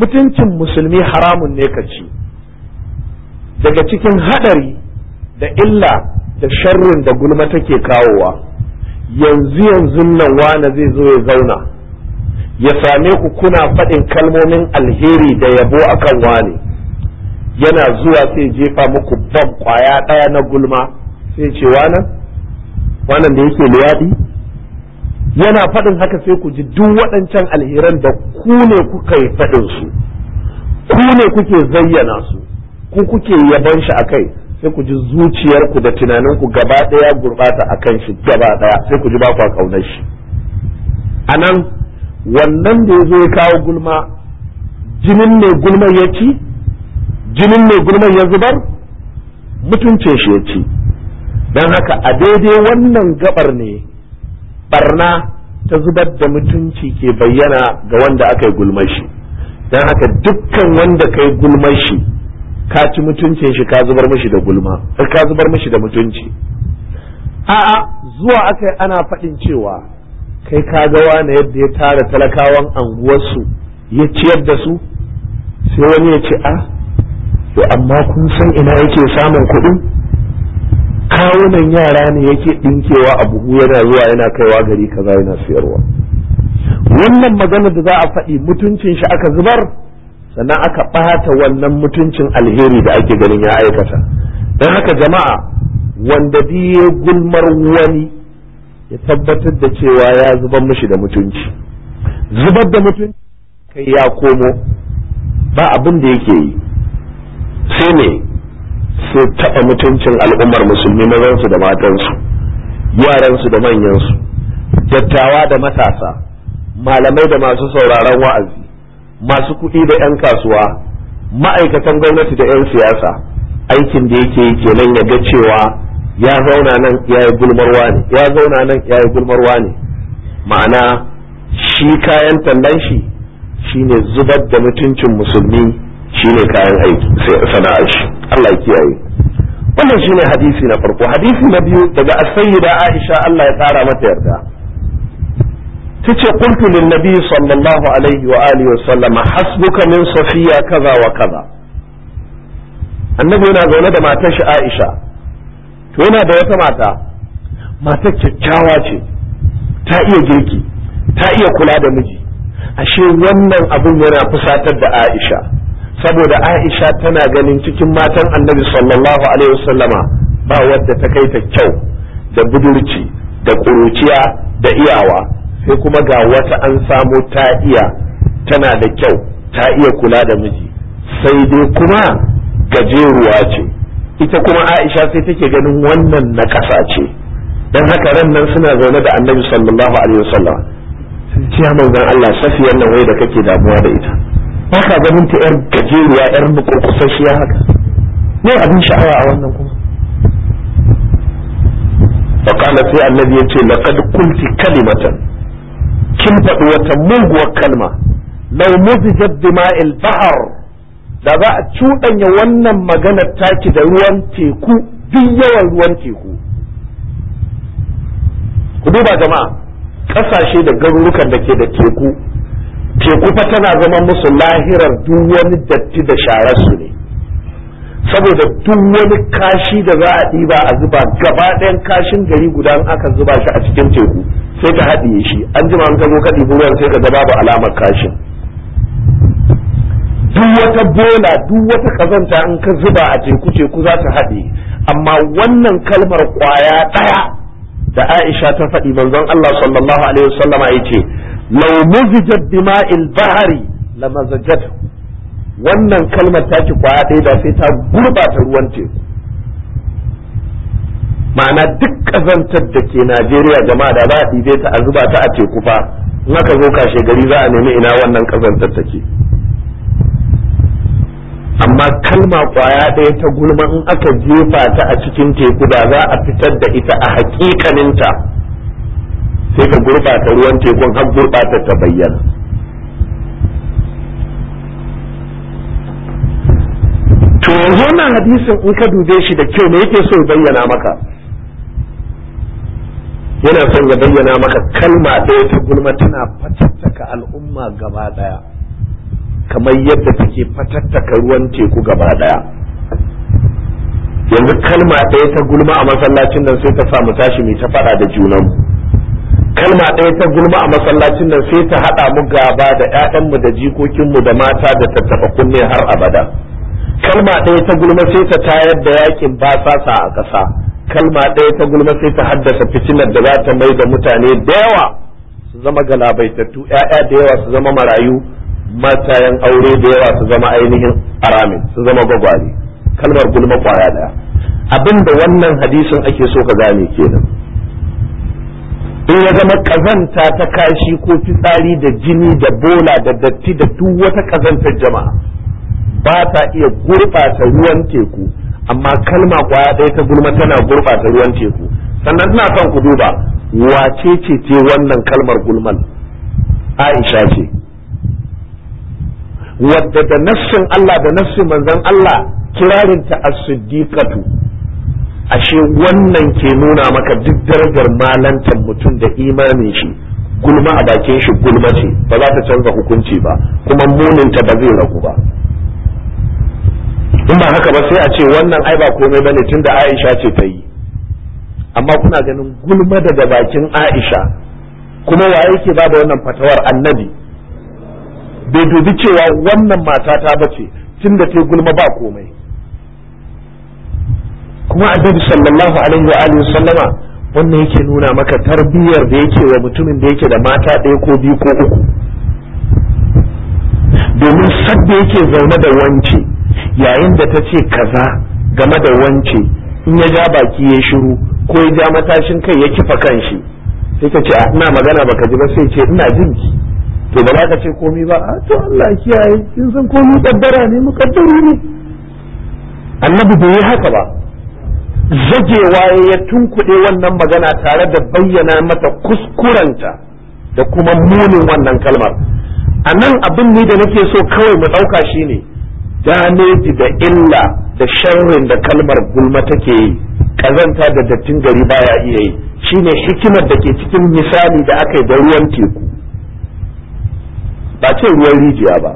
mutuncin musulmi haramun ne ka daga cikin hadari da illa da sharrin da gulma take kawowa yanzu yanzu nan wane zai zo ya zauna ya same ku kuna faɗin kalmomin alheri da yabo akan wane yana zuwa sai jefa muku bam kwaya daya na gulma sai ce wannan wannan da yake liyadi yana faɗin haka sai ku ji duk waɗancan alheran da ku ne kuka yi faɗin su ku ne kuke zayyana su ku kuke yaban shi a kai sai ku ji zuciyarku da tunaninku gaba daya gurbata akan shi gaba daya sai ku ji ba ku kaunar shi anan wannan da ya zo ya kawo gulma jinin mai gulmar ya jinin mai gulman ya zubar mutunce shi ya ci don haka a daidai wannan gabar ne barna ta zubar da mutunci ke bayyana ga wanda aka yi gulmar shi don haka dukkan wanda ka yi gulmar shi ka ci mutuncin shi ka zubar mashi da gulma eh, ka zubar mashi da mutunci a'a zuwa aka yi ana faɗin cewa kai ka ga wani yadda ya tara talakawan anguwarsu ya ciyar da su sai wani ya ce a ah, to amma kun san ina yake samun kuɗin kawunan yara ne yake ɗinkewa a buhu yana zuwa yana kaiwa gari kaza yana siyarwa wannan magana da za a faɗi mutuncin shi aka zubar sannan aka ɓata wannan mutuncin alheri da ake ganin ya aikata don haka jama'a wanda ya gulmar wani ya tabbatar da cewa ya zubar mishi da mutunci zubar da mutunci kai ya komo ba abin da yake yi sai ne su taɓa mutuncin al'ummar musulmi mazansu da matansu yaransu da manyansu dattawa da matasa malamai da masu sauraron wa'azi masu kuɗi da 'yan kasuwa ma'aikatan gwamnati da 'yan siyasa aikin da yake kenan ya ga cewa ya zauna nan ya yi gulmarwa ne ya zauna nan ya yi gulmarwa ne ma'ana shi kayan tallan shi shine zubar da mutuncin musulmi ne kayan aiki sana'ar shi Allah ya kiyaye wannan shine hadisi na farko hadisi na biyu daga as Aisha Allah ya tsara mata yarda tace qultu lin nabiy sallallahu alaihi wa alihi wa sallama hasbuka min safiya kaza wa kaza annabi yana zaune da matar shi Aisha to yana da wata mata matar kyakkyawa ce ta iya girki ta iya kula da miji ashe wannan abun yana fusatar da Aisha saboda Aisha tana ganin cikin matan Annabi sallallahu alaihi wasallama ba wadda ta kai ta kyau da budurci da kuruciya da iyawa sai kuma ga wata an samu ta iya tana da kyau ta iya kula da miji sai dai kuma gajeruwa ce ita kuma Aisha sai take ganin wannan na kasa ce dan haka ran nan suna zaune da Annabi sallallahu alaihi wasallama sai ce manzon Allah safiyar nan wai da kake damuwa da ita ba ganin ta yar gajeriya yar ya haka ne abin sha'awa a wannan kuma annabi ya ce na لقد kalimatan. Kin faɗi wata muguwa kalma? لو مزجت dima'il البحر da za a cuɗanya wannan maganar taki da ruwan teku duk yawan ruwan teku ku duba jama'a ƙasashe da garurukan da ke da teku teku fa tana zama musu lahirar duk wani datti da shararsu su ne saboda duk wani kashi da za a ɗiba a zuba gaba ɗayan kashin gari guda aka zuba shi a cikin teku sai ka haɗiye shi an jima an gano kaɗi ruwan sai ka ga babu alamar kashin duk wata bola duk wata kazanta in ka zuba a teku teku za ta haɗe amma wannan kalmar ƙwaya ɗaya da Aisha ta faɗi manzon Allah sallallahu alaihi wasallama ce. لو muzijat bima'il البحر لمزجته wannan kalmar taki kwaya ɗaya da sai ta gurbata ruwan teku ma'ana duk ƙazantar da ke Najeriya jama'a da za a ɗibe ta a zuba ta a teku fa in aka zo kashe gari za a nemi ina wannan ƙazantar take amma kalma kwaya ɗaya ta gulma in aka jefa ta a cikin teku da za a fitar da ita a haƙiƙaninta sai ka gurbata ruwan tekun har gurbata ta bayyana to yanzu wannan hadisin in ka dube shi da kyau ne yake so ya bayyana maka yana son ya bayyana maka kalma ɗaya ta gulma tana fatattaka al'umma gaba ɗaya kamar yadda take fatattaka ruwan teku gaba ɗaya yanzu kalma ɗaya ta gulma a masallacin nan sai ta sa tashi mai ta faɗa da junanmu kalma ɗaya ta gulma a masallacin nan sai ta haɗa mu gaba da ƴaƴanmu da jikokinmu da mata da tattaɓa kunne har abada kalma ɗaya ta gulma sai ta tayar da yakin basasa a ƙasa kalma ɗaya ta gulma sai ta haddasa fitinar da za ta mai da mutane da yawa su zama galabaitattu ƴaƴa da yawa su zama marayu matayan aure da yawa su zama ainihin aramin su zama gwagware kalmar gulma ƙwaya ɗaya abinda wannan hadisin ake so ka gane kenan in ya zama kazanta ta kashi ko fitsari da jini da bola da datti da duk wata kazantar jama'a ba ta iya gurɓata ruwan teku amma kalma kwaya ɗaya ta gulma tana gurɓata ruwan teku sannan ina son ku duba wace ce ce wannan kalmar gulman aisha ce wadda da nassin Allah da nassin manzon Allah kirarinta as-siddiqatu ashe wannan ke nuna maka duk darajar malantar mutum da imanin shi gulma a bakin shi gulma ce ba za ta canza hukunci ba kuma muninta ba zai ragu ba in ba haka ba sai a ce wannan ai ba komai ba ne tunda Aisha ce ta yi amma kuna ganin gulma daga bakin Aisha kuma wa yake ba da wannan fatawar annabi bai dubi cewa wannan mata ta bace tunda ta gulma ba komai kuma annabi sallallahu alaihi wa alihi sallama wannan yake nuna maka tarbiyyar da yake wa mutumin da yake da mata ɗaya ko biyu ko uku domin sadda yake zaune da wance yayin da ta ce kaza game da wance in ya ja baki ya shiru ko ya ja matashin kai ya kifa kanshi sai ta ce ah, ina magana baka ji ba sai ce ina jin ki to ba za ka ce komi ba a ah, to Allah kiyaye kin san komi kaddara ne mukaddari ne annabi bai yi haka ba zagewa ya tunkuɗe wannan magana tare da bayyana mata kuskurenta da kuma munin wannan kalmar a nan abin ne da nake so kawai mu ɗauka shi ne daneji da illa da sharrin da kalmar gulma take yi ƙazanta da dattin gari baya iya yi shi ne hikimar da ke cikin misali da aka yi da ruwan teku ba ce ruwan rijiya ba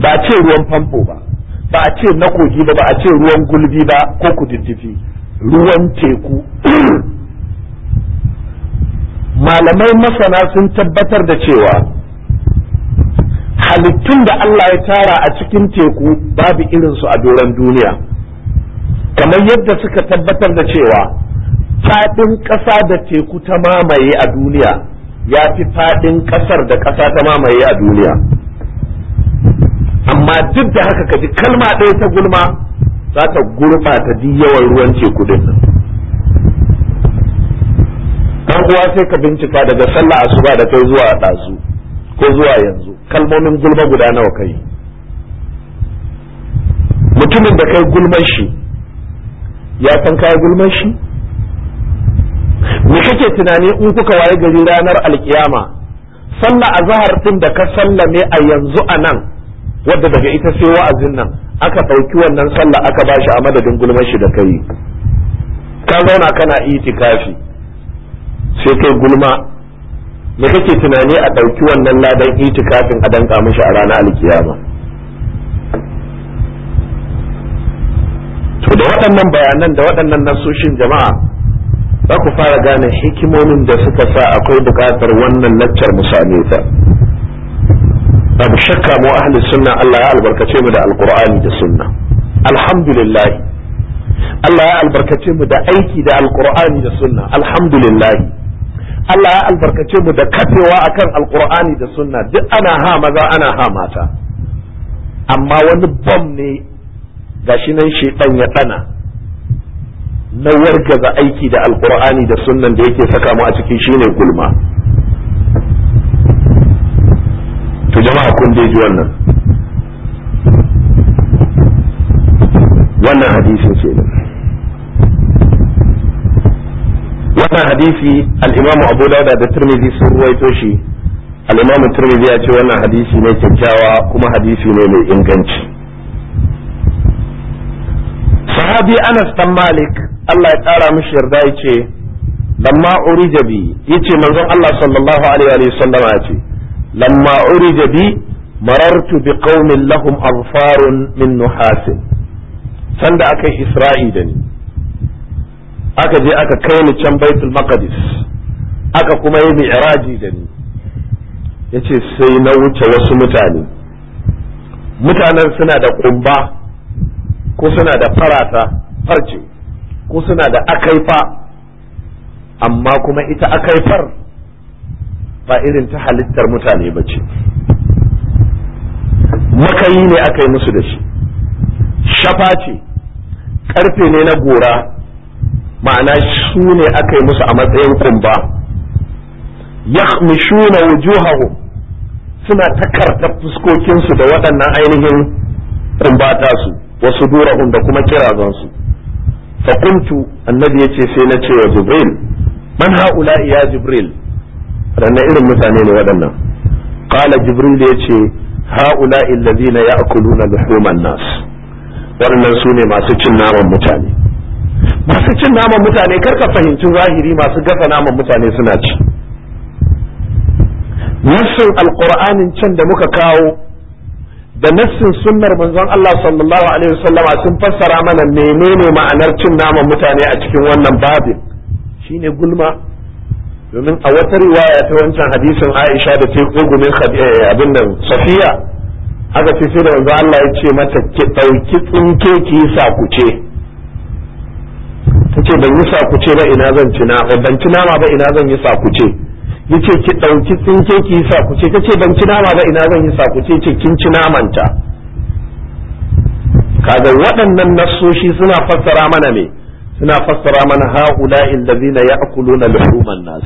ba ce ruwan famfo ba ba a ce na kogi ba ba a ce ruwan gulbi ba ko kududdufi ruwan teku malamai masana sun tabbatar da cewa halittun da Allah ya tara a cikin teku babu irinsu a doron duniya kamar yadda suka tabbatar da cewa faɗin ƙasa da teku ta mamaye a duniya ya fi faɗin ƙasar da ƙasa ta mamaye a duniya amma duk da haka ka ji kalma ɗaya ta gulma za ta gurɓata duk yawan ruwan teku kudin nan dan uwa sai ka bincika daga sallah asuba da kai zuwa ɗazu ko zuwa yanzu kalmomin gulma guda nawa kai mutumin da kai gulman shi ya san kai gulman shi me kake tunani in kuka waye gari ranar alkiyama sallah azhar din da ka sallame a yanzu a nan wadda daga ita sai wa'azin nan aka ɗauki wannan sallah aka ba shi a madadin gulmar shi da kai ka zauna kana itikafi sai kai gulma me kake tunani a ɗauki wannan ladan itikafin a danka mishi a ranar alkiyama to da waɗannan bayanan da waɗannan nasoshin jama'a za ku fara gane hikimomin da suka sa akwai buƙatar wannan laccar mu same ta babu shakka mu ahli sunna Allah ya albarkace mu da alqur'ani da sunna alhamdulillah Allah ya albarkace mu da aiki da alqur'ani da sunna alhamdulillah Allah ya albarkace mu da kafewa akan alqur'ani da sunna duk ana ha maza ana ha mata amma wani bom ne gashi nan shedan ya tsana na wargaza aiki da alqur'ani da sunnan da yake saka mu a cikin shine gulma jama'a kun dai ji wannan wannan hadisi ce ne wannan hadisi al-Imam Abu Dawud da Tirmidhi sun ruwaito shi al-Imam Tirmidhi ya ce wannan hadisi ne kyakkyawa kuma hadisi ne mai inganci sahabi Anas dan Malik Allah ya kara mishi yarda yace dan lamma urija yace manzon Allah sallallahu alaihi wa sallam ya ce lamma urija bi marartu bi qaumin lahum azfarun min nuhasin sanda aka yi isra'i da ni aka je aka kai ni can baitul maqdis aka kuma yi mi'raji da ni yace sai na wuce wasu mutane mutanen suna da ƙumba, ko suna da farata farce ko suna da akaifa amma kuma ita akaifar ba irin ta halittar mutane ba ce makayi ne aka yi musu da shi shafa ce karfe ne na gora ma'ana su ne aka yi musu a matsayin kumba yakhmishuna wujuhahum suna takarta fuskokinsu da waɗannan ainihin kumbata su wasu durahun da kuma kirazansu faƙuntu annabi ya ce sai na ce wa jibril man ha'ula'i ya jibril ranna irin mutane ne waɗannan qala jibril ya ce haula alladhina ya'kuluna luhuman nas waɗannan su ne masu cin naman mutane masu cin naman mutane karka fahimcin zahiri masu gasa naman mutane suna ci nassin alqur'anin can da muka kawo da nassin sunnar manzon Allah sallallahu alaihi wasallama sun fassara mana menene ma'anar cin naman mutane a cikin wannan babin shine gulma domin a wata riwaya ta wancan hadisin Aisha da ta gugumin eh, abin nan Safiya aka ce sai da wanzu Allah ya ce mata ki dauki tsinke ki sakuce ce ban yi sakuce ba ina zan ci na ban ci nama ba ina zan yi sakuce yace ki dauki tsinke ki sakuce ce ban ci nama ba ina zan yi sakuce ce kin ci namanta kaga waɗannan nasoshi suna fassara mana ne suna fassara mana ha'ula illazina ya'kuluna luhuman nas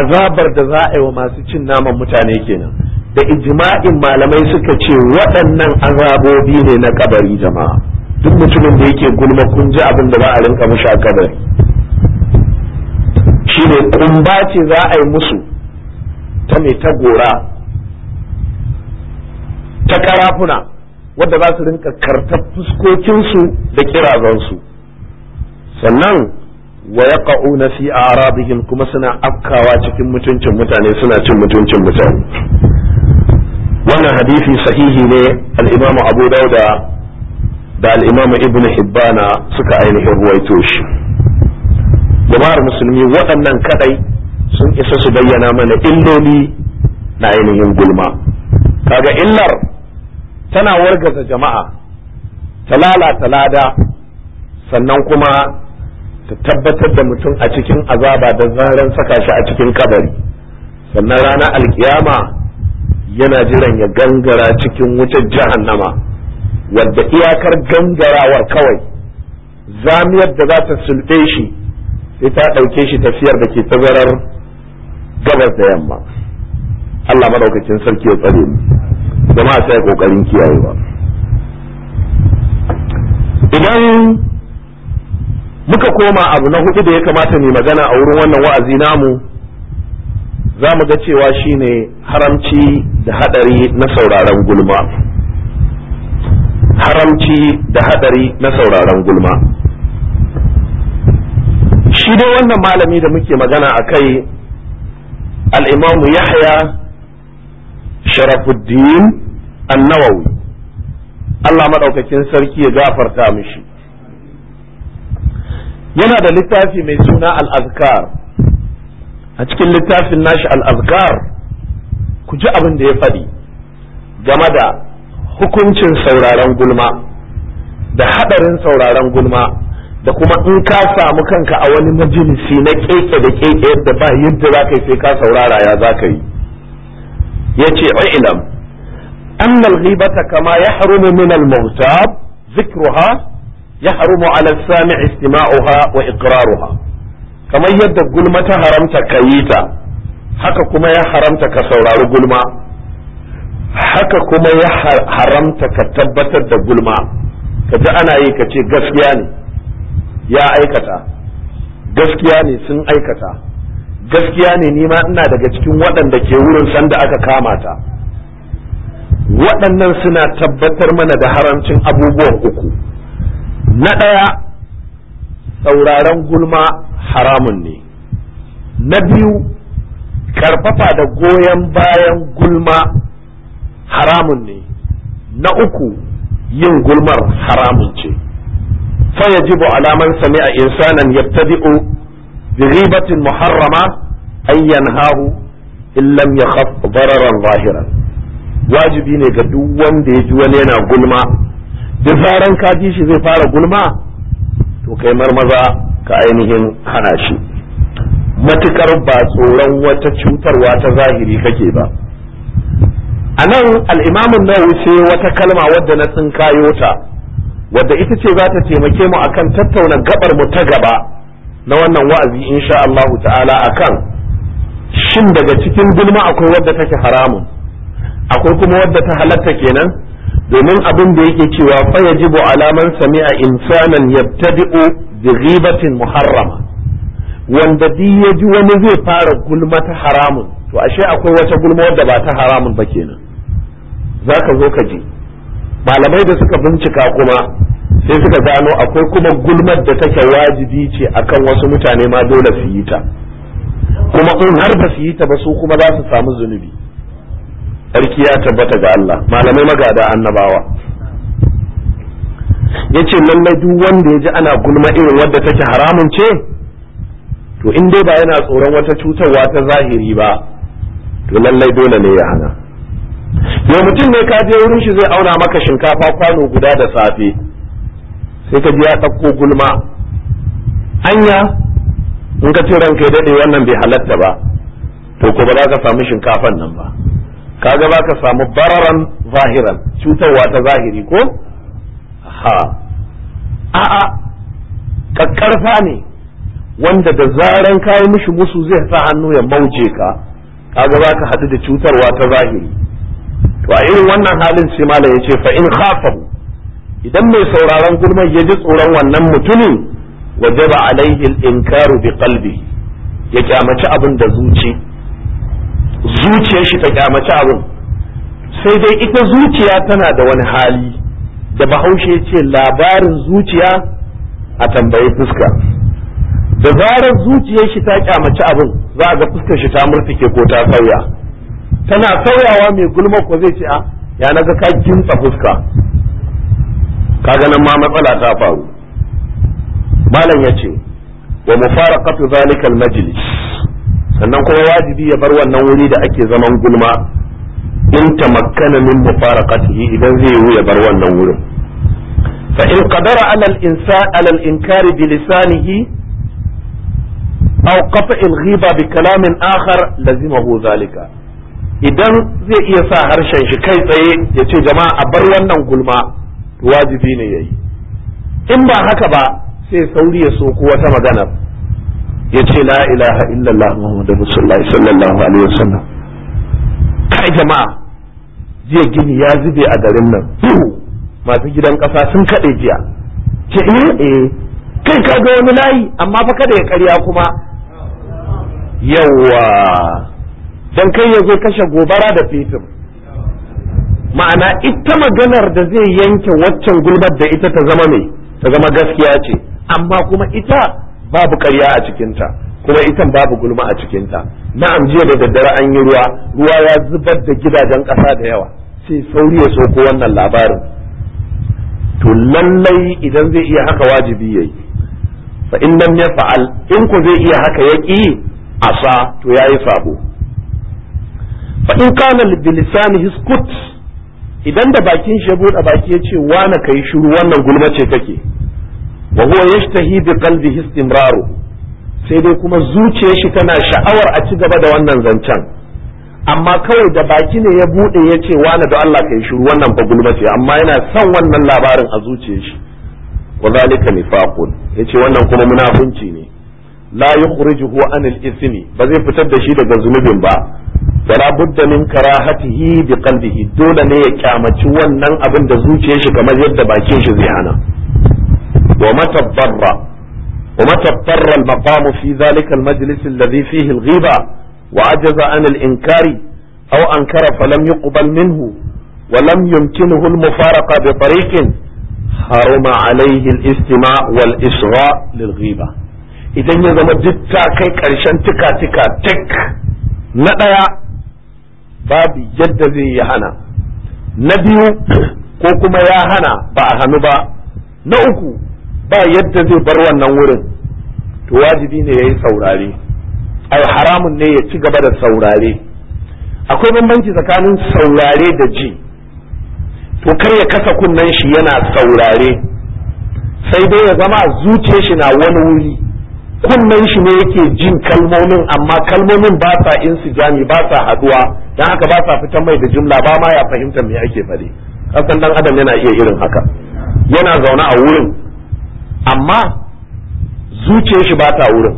azabar da za a yi wa masu cin naman mutane kenan da ijma'in malamai suka ce waɗannan azabobi ne na kabari jama'a duk mutumin da yake gulma kun ji abin da za a rinka mushi a kabari shine kumba ce za a yi musu ta mai ta gora ta karafuna wadda za su rinka kartar fuskokinsu da kirazansu sannan wa yaqa'una fi a'radihim kuma suna afkawa cikin mutuncin mutane suna cin mutuncin mutane wannan hadisi sahihi ne al abu dauda da al ibn hibbana suka ainihin ruwaito shi jama'ar musulmi waɗannan kadai sun isa su bayyana mana illoli na ainihin gulma kaga illar tana wargaza jama'a ta lalata lada sannan kuma ta tabbatar da mutum a cikin azaba da zaran saka shi a cikin kabari sannan rana alkiyama yana jiran ya gangara cikin wutar jahannama wadda iyakar gangarawar kawai zamiyar da za ta sulɓe shi sai ta ɗauke shi tafiyar da ke tazarar gabas da yamma Allah madaukakin sarki ya tsare mu jama'a sai kokarin kiyayewa idan muka koma abu na hudu da ya kamata mai magana a wurin wannan wa'azi namu za mu ga cewa shine haramci da hadari na sauraron gulma haramci da hadari na sauraron gulma shi dai wannan malami da muke magana a kai al'imamu yahya sharafuddin annawawi Allah maɗaukakin sarki ya gafarta mishi yana da littafi mai suna al'azkar a cikin littafin nashi al'azkar ku ji abin da ya faɗi game da hukuncin sauraron gulma da haɗarin sauraron gulma da kuma in ka samu kanka a wani majalisi na keke da keke yadda ba yadda za ka yi sai ka saurara ya za ka yi ya ce ilam أما الغيبة كما يحرم من المغتاب ذكرها يحرم على السامع استماعها وإقرارها kamar yadda gulma ta haramta ka yi ta haka kuma ya haramta ka saurari gulma haka kuma ya haramta ka tabbatar da gulma ka ji ana yi ka gaskiya ne ya aikata gaskiya ne sun aikata gaskiya ne nima ina daga cikin waɗanda ke wurin sanda aka kama ta waɗannan suna tabbatar mana da haramcin abubuwan uku na ɗaya sauraron gulma haramun ne na biyu karfafa da goyon bayan gulma haramun ne na uku yin gulmar haramun ce fayajibu alaman sami a insanan yabtadi'u bi ribatin muharrama ayyan yanhahu in lam yakhaf dararan zahiran wajibi ne ga duk wanda ya ji wani yana gulma duk zaran ka ji shi zai fara gulma to kai marmaza ka ainihin hana shi matukar ba tsoron wata cutarwa ta zahiri kake ba a nan al'imamin na wuce wata kalma wadda na tsinkayo ta wadda ita ce za ta taimake mu akan tattauna gabar mu ta gaba na wannan wa'azi insha Allah ta'ala akan shin daga cikin gulma akwai wadda take haramun akwai kuma wadda ta halatta kenan domin abin da yake cewa fa yajibu alaman sami'a insanan yabtadi'u bi ghibatin muharrama wanda duk ya ji wani zai fara gulma ta haramun to ashe akwai wata gulma wadda ba ta haramun ba kenan zaka zo ka ji malamai da suka bincika kuma sai suka gano akwai kuma gulmar da take wajibi ce akan wasu mutane ma dole su yi ta kuma in har ba su yi ta ba su kuma za su samu zunubi sarki ya tabbata ga Allah malamai magada annabawa yace lallai duk wanda ya ji ana gulma irin wadda take haramun ce to in dai ba yana tsoron wata cutarwa ta zahiri ba to lallai dole ne ya hana yau mutum ne ka je wurin shi zai auna maka shinkafa kwano guda da safe sai ka ji ya ɗauko gulma anya in ka ce ranka ya daɗe wannan bai halatta ba to ko ba za ka samu shinkafan nan ba kaga za ka samu bararan zahiran cutarwa ta zahiri ko ha a'a kakkarfa ne wanda da zaran yi mishi musu zai sa hannu ya mauje ka kaga za ka haɗu da cutarwa ta zahiri to a irin wannan halin sai malam ya ce fa in khafahu idan mai sauraron gulman ya ji tsoron wannan mutumin wajaba alaihi al-inkaru bi qalbi ya kyamaci abin da zuci zuciyar shi ta kyamaci abin sai dai ita zuciya tana da wani hali da bahaushe ce labarin zuciya a tambayi fuska da zarar zuciyar shi ta kyamaci abin za a ga fuskar shi ta murtuke ko ta sauya tana sauyawa mai gulma ko zai ce a ah, ya naga ka kintsa fuska ka ganin ma matsala ta faru malam ya ce wa mufaraqatu zalikal majlis sannan kuma wajibi ya bar wannan wuri da ake zaman gulma in tamakkana min mufaraqatihi idan zai yiwu ya bar wannan wurin fa in qadara ala al-insan ala al-inkari bi lisanihi aw qata' al-ghiba bi kalamin akhar lazimahu zalika idan zai iya sa harshen shi kai tsaye ya ce jama'a a bar wannan gulma wajibi ne yayi in ba haka ba sai sauri ya soko wata magana ya ce la ilaha illallah muhammadu rasulullahi sallallahu alaihi wasallam kai jama'a jiya gini ya zube a garin nan masu gidan kasa sun kaɗe jiya ce eh, eh kai ka ga wani layi amma fa kada ya karya kuma yawa dan kai ya zo kashe gobara da fetur ma'ana ita maganar da zai yanke waccan gulbar da ita ta zama mai ta zama gaskiya ce amma kuma ita babu ƙarya a cikinta kuma itan babu gulma a cikinta na'am jiya da daddare an yi ruwa ruwa ya zubar da gidajen ƙasa da yawa sai sauri ya soko wannan labarin to lallai idan zai iya haka wajibi yayi fa in lam yaf'al in ku zai iya haka yaki asa to yayi sabo fa in kana bilisanihi hiskut. idan da bakin shi ya bude baki ya ce wane kai shiru wannan gulma ce take wa huwa yashtahi bi qalbihi istimraru sai dai kuma zuciyar shi tana sha'awar a ci gaba da wannan zancen amma kawai da baki ne ya bude ya ce wani da Allah kai shiru wannan fa gulma ce amma yana son wannan labarin a zuciyar shi wa zalika nifaqun yace wannan kuma munafunci ne la yukhrijuhu an al-ithmi ba zai fitar da shi daga zunubin ba wala budda min karahatihi bi qalbihi dole ne ya kyamaci wannan abin da zuciyar shi kamar yadda bakin shi zai hana ومتى اضطر ومتى اضطر المقام في ذلك المجلس الذي فيه الغيبة وعجز عن الإنكار أو أنكر فلم يقبل منه ولم يمكنه المفارقة بطريق حرم عليه الاستماع والإصغاء للغيبة إذا يزم جتا كي كرشان تكا تكا تك نتايا باب جد زي يهانا نبيو كوكما يهانا بأهانو با نأكو ba yadda zai bar wannan wurin to wajibi ne yayi saurare ai ne ya ci gaba da saurare akwai bambanci tsakanin saurare da ji to kar ya kasa kunnen shi yana saurare sai dai ya zama zuciyar shi na wani wuri kunnen shi ne yake jin kalmomin amma kalmomin ba sa insijami ba sa haduwa dan haka ba sa fitan mai da jumla ba ma ya fahimta me ake faɗi kasan dan adam yana iya irin haka yana zaune a wurin amma zuciyar shi ba ta wurin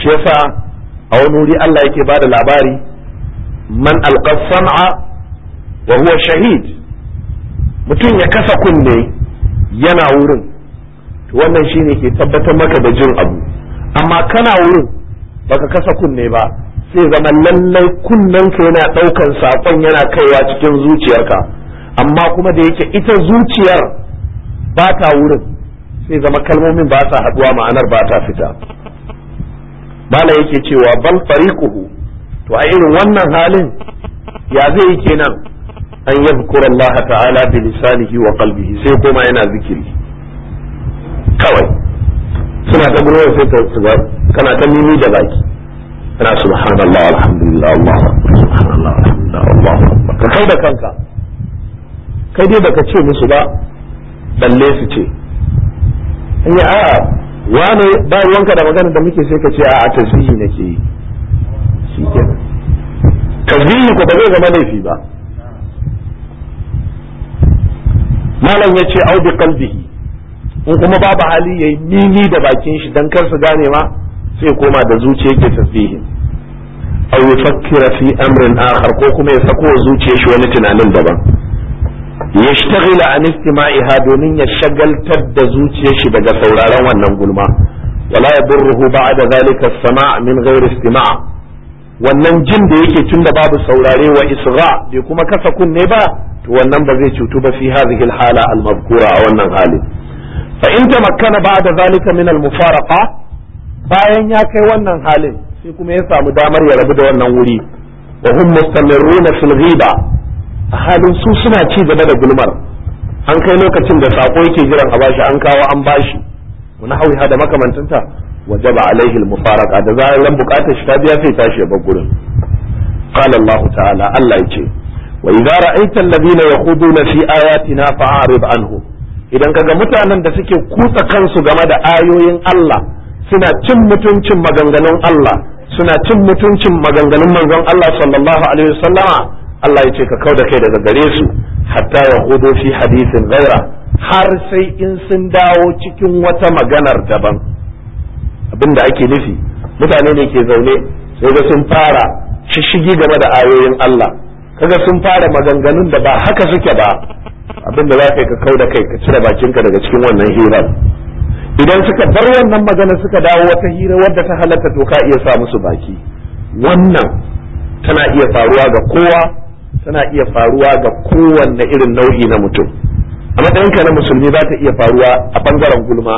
shi yasa a wani wuri Allah yake bada labari man alƙasama wa huwa shahid mutum ya kasa kunne yana wurin wannan shine ke tabbatar maka da jin abu amma kana wurin baka kasa kunne ba sai zama lallai kunnenka yana ɗaukan saƙon yana kaiwa cikin zuciyarka amma kuma da yake ita zuciyar ba ta wurin sai zama kalmomin ba sa haduwa ma'anar ba ta fita bala yake cewa bal fariquhu to a irin wannan halin ya zai yi kenan an yadhkura Allah ta'ala bi lisanihi wa qalbihi sai kuma yana zikiri kawai suna ta gurwa sai ta tsaya kana ta mimi da baki kana subhanallah alhamdulillah Allah akbar subhanallah alhamdulillah Allah ka kai da kanka kai dai baka ce musu ba balle su ce in yi a'a wane ba ruwanka da magana da muke sai ka ce a'a tasbihi nake yi shi kenan tasbihi ko ba zai zama laifi ba malam ya ce au bi qalbihi in kuma babu hali yayi nini da bakin shi dan kar su gane ma sai koma da zuciya yake tasbihin aw yufakkira fi amrin akhar ko kuma ya sako zuciyar shi wani tunanin daban yashtaghila an istima'iha domin ya shagaltar da zuciyar shi daga sauraron wannan gulma wala yadurruhu da zalika as-sama' min ghairi wannan jin da yake tunda babu saurare wa isra bai kuma kasa kunne ba to wannan ba zai cutu ba fi hadhihi al-hala al a wannan hali fa in tamakkana ba'da zalika min al bayan ya kai wannan halin sai kuma ya samu damar ya rabu da wannan wuri wa hum mustamirruna fil ghiba a halin su suna ci gaba da gulmar an kai lokacin da sako yake jiran a bashi an kawo an bashi wani hauha da makamantanta wajaba alaihi almufaraqa da ran bukatar shi ta biya sai tashi ya bar gurin qala allah ta'ala allah yace wa idza ra'aita alladhina yakhuduna fi ayatina fa'rid anhum idan kaga mutanen da suke kutsa kansu game da ayoyin Allah suna cin mutuncin maganganun Allah suna cin mutuncin maganganun manzon Allah sallallahu alaihi wasallama Allah ya ce ka kau da kai daga gare su hatta ya hudo fi hadisin gaira har sai in sun dawo cikin wata maganar daban abin ake nufi mutane ne ke zaune sai ga sun fara shishigi game da ayoyin Allah kaga sun fara maganganun da ba haka suke ba abin za ka kau da kai ka cire bakinka daga cikin wannan hirar idan suka bar wannan magana suka dawo wata hira wadda ta halatta to ka iya sa musu baki wannan tana iya faruwa ga kowa tana iya faruwa ga kowanne irin nau'i na mutum a matsayinka na musulmi za ta iya faruwa a bangaren gulma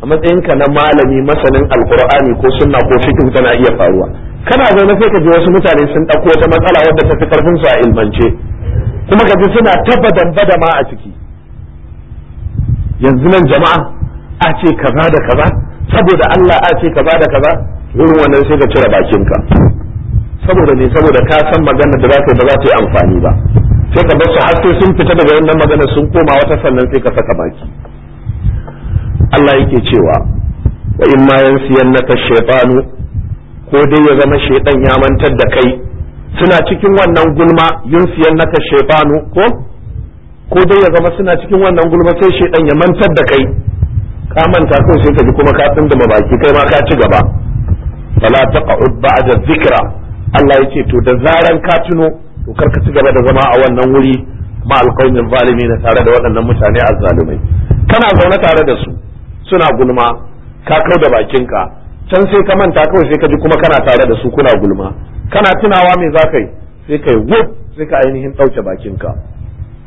a matsayinka na malami masanin alkur'ani ko sunna ko fiqh tana iya faruwa kana na sai ka ji wasu mutane sun ɗauko wata matsala wadda ta fi karfin su a ilmance kuma ka ji suna tabbadan badama a ciki yanzu nan jama'a a ce kaza da kaza saboda Allah a ce kaza da kaza wurin wannan sai ka cire bakinka saboda me saboda ka san magana da za ka yi ba za ta yi amfani ba sai ka bar su har sai sun fita daga wannan maganar sun koma wata sannan sai ka saka baki Allah yake cewa wa in ma yansiyannaka shaytanu ko dai ya zama shaytan ya mantar da kai suna cikin wannan gulma yansiyannaka shaytanu ko ko dai ya zama suna cikin wannan gulma sai shaytan ya mantar da kai ka manta kai sai ka ji kuma ka tsindama baki kai ma ka ci gaba fala taqa'ud ba'da dhikra Allah ya ce to da zaran ka tuno to karka ci gaba da zama a wannan wuri ma alqaumin na tare da waɗannan mutane azzalumai kana zaune tare da su suna gulma ka kau da ka can sai ka manta kawai sai ka ji kuma kana tare da su kuna gulma kana tunawa me za ka yi sai ka yi wuf sai ka ainihin ɗauke bakinka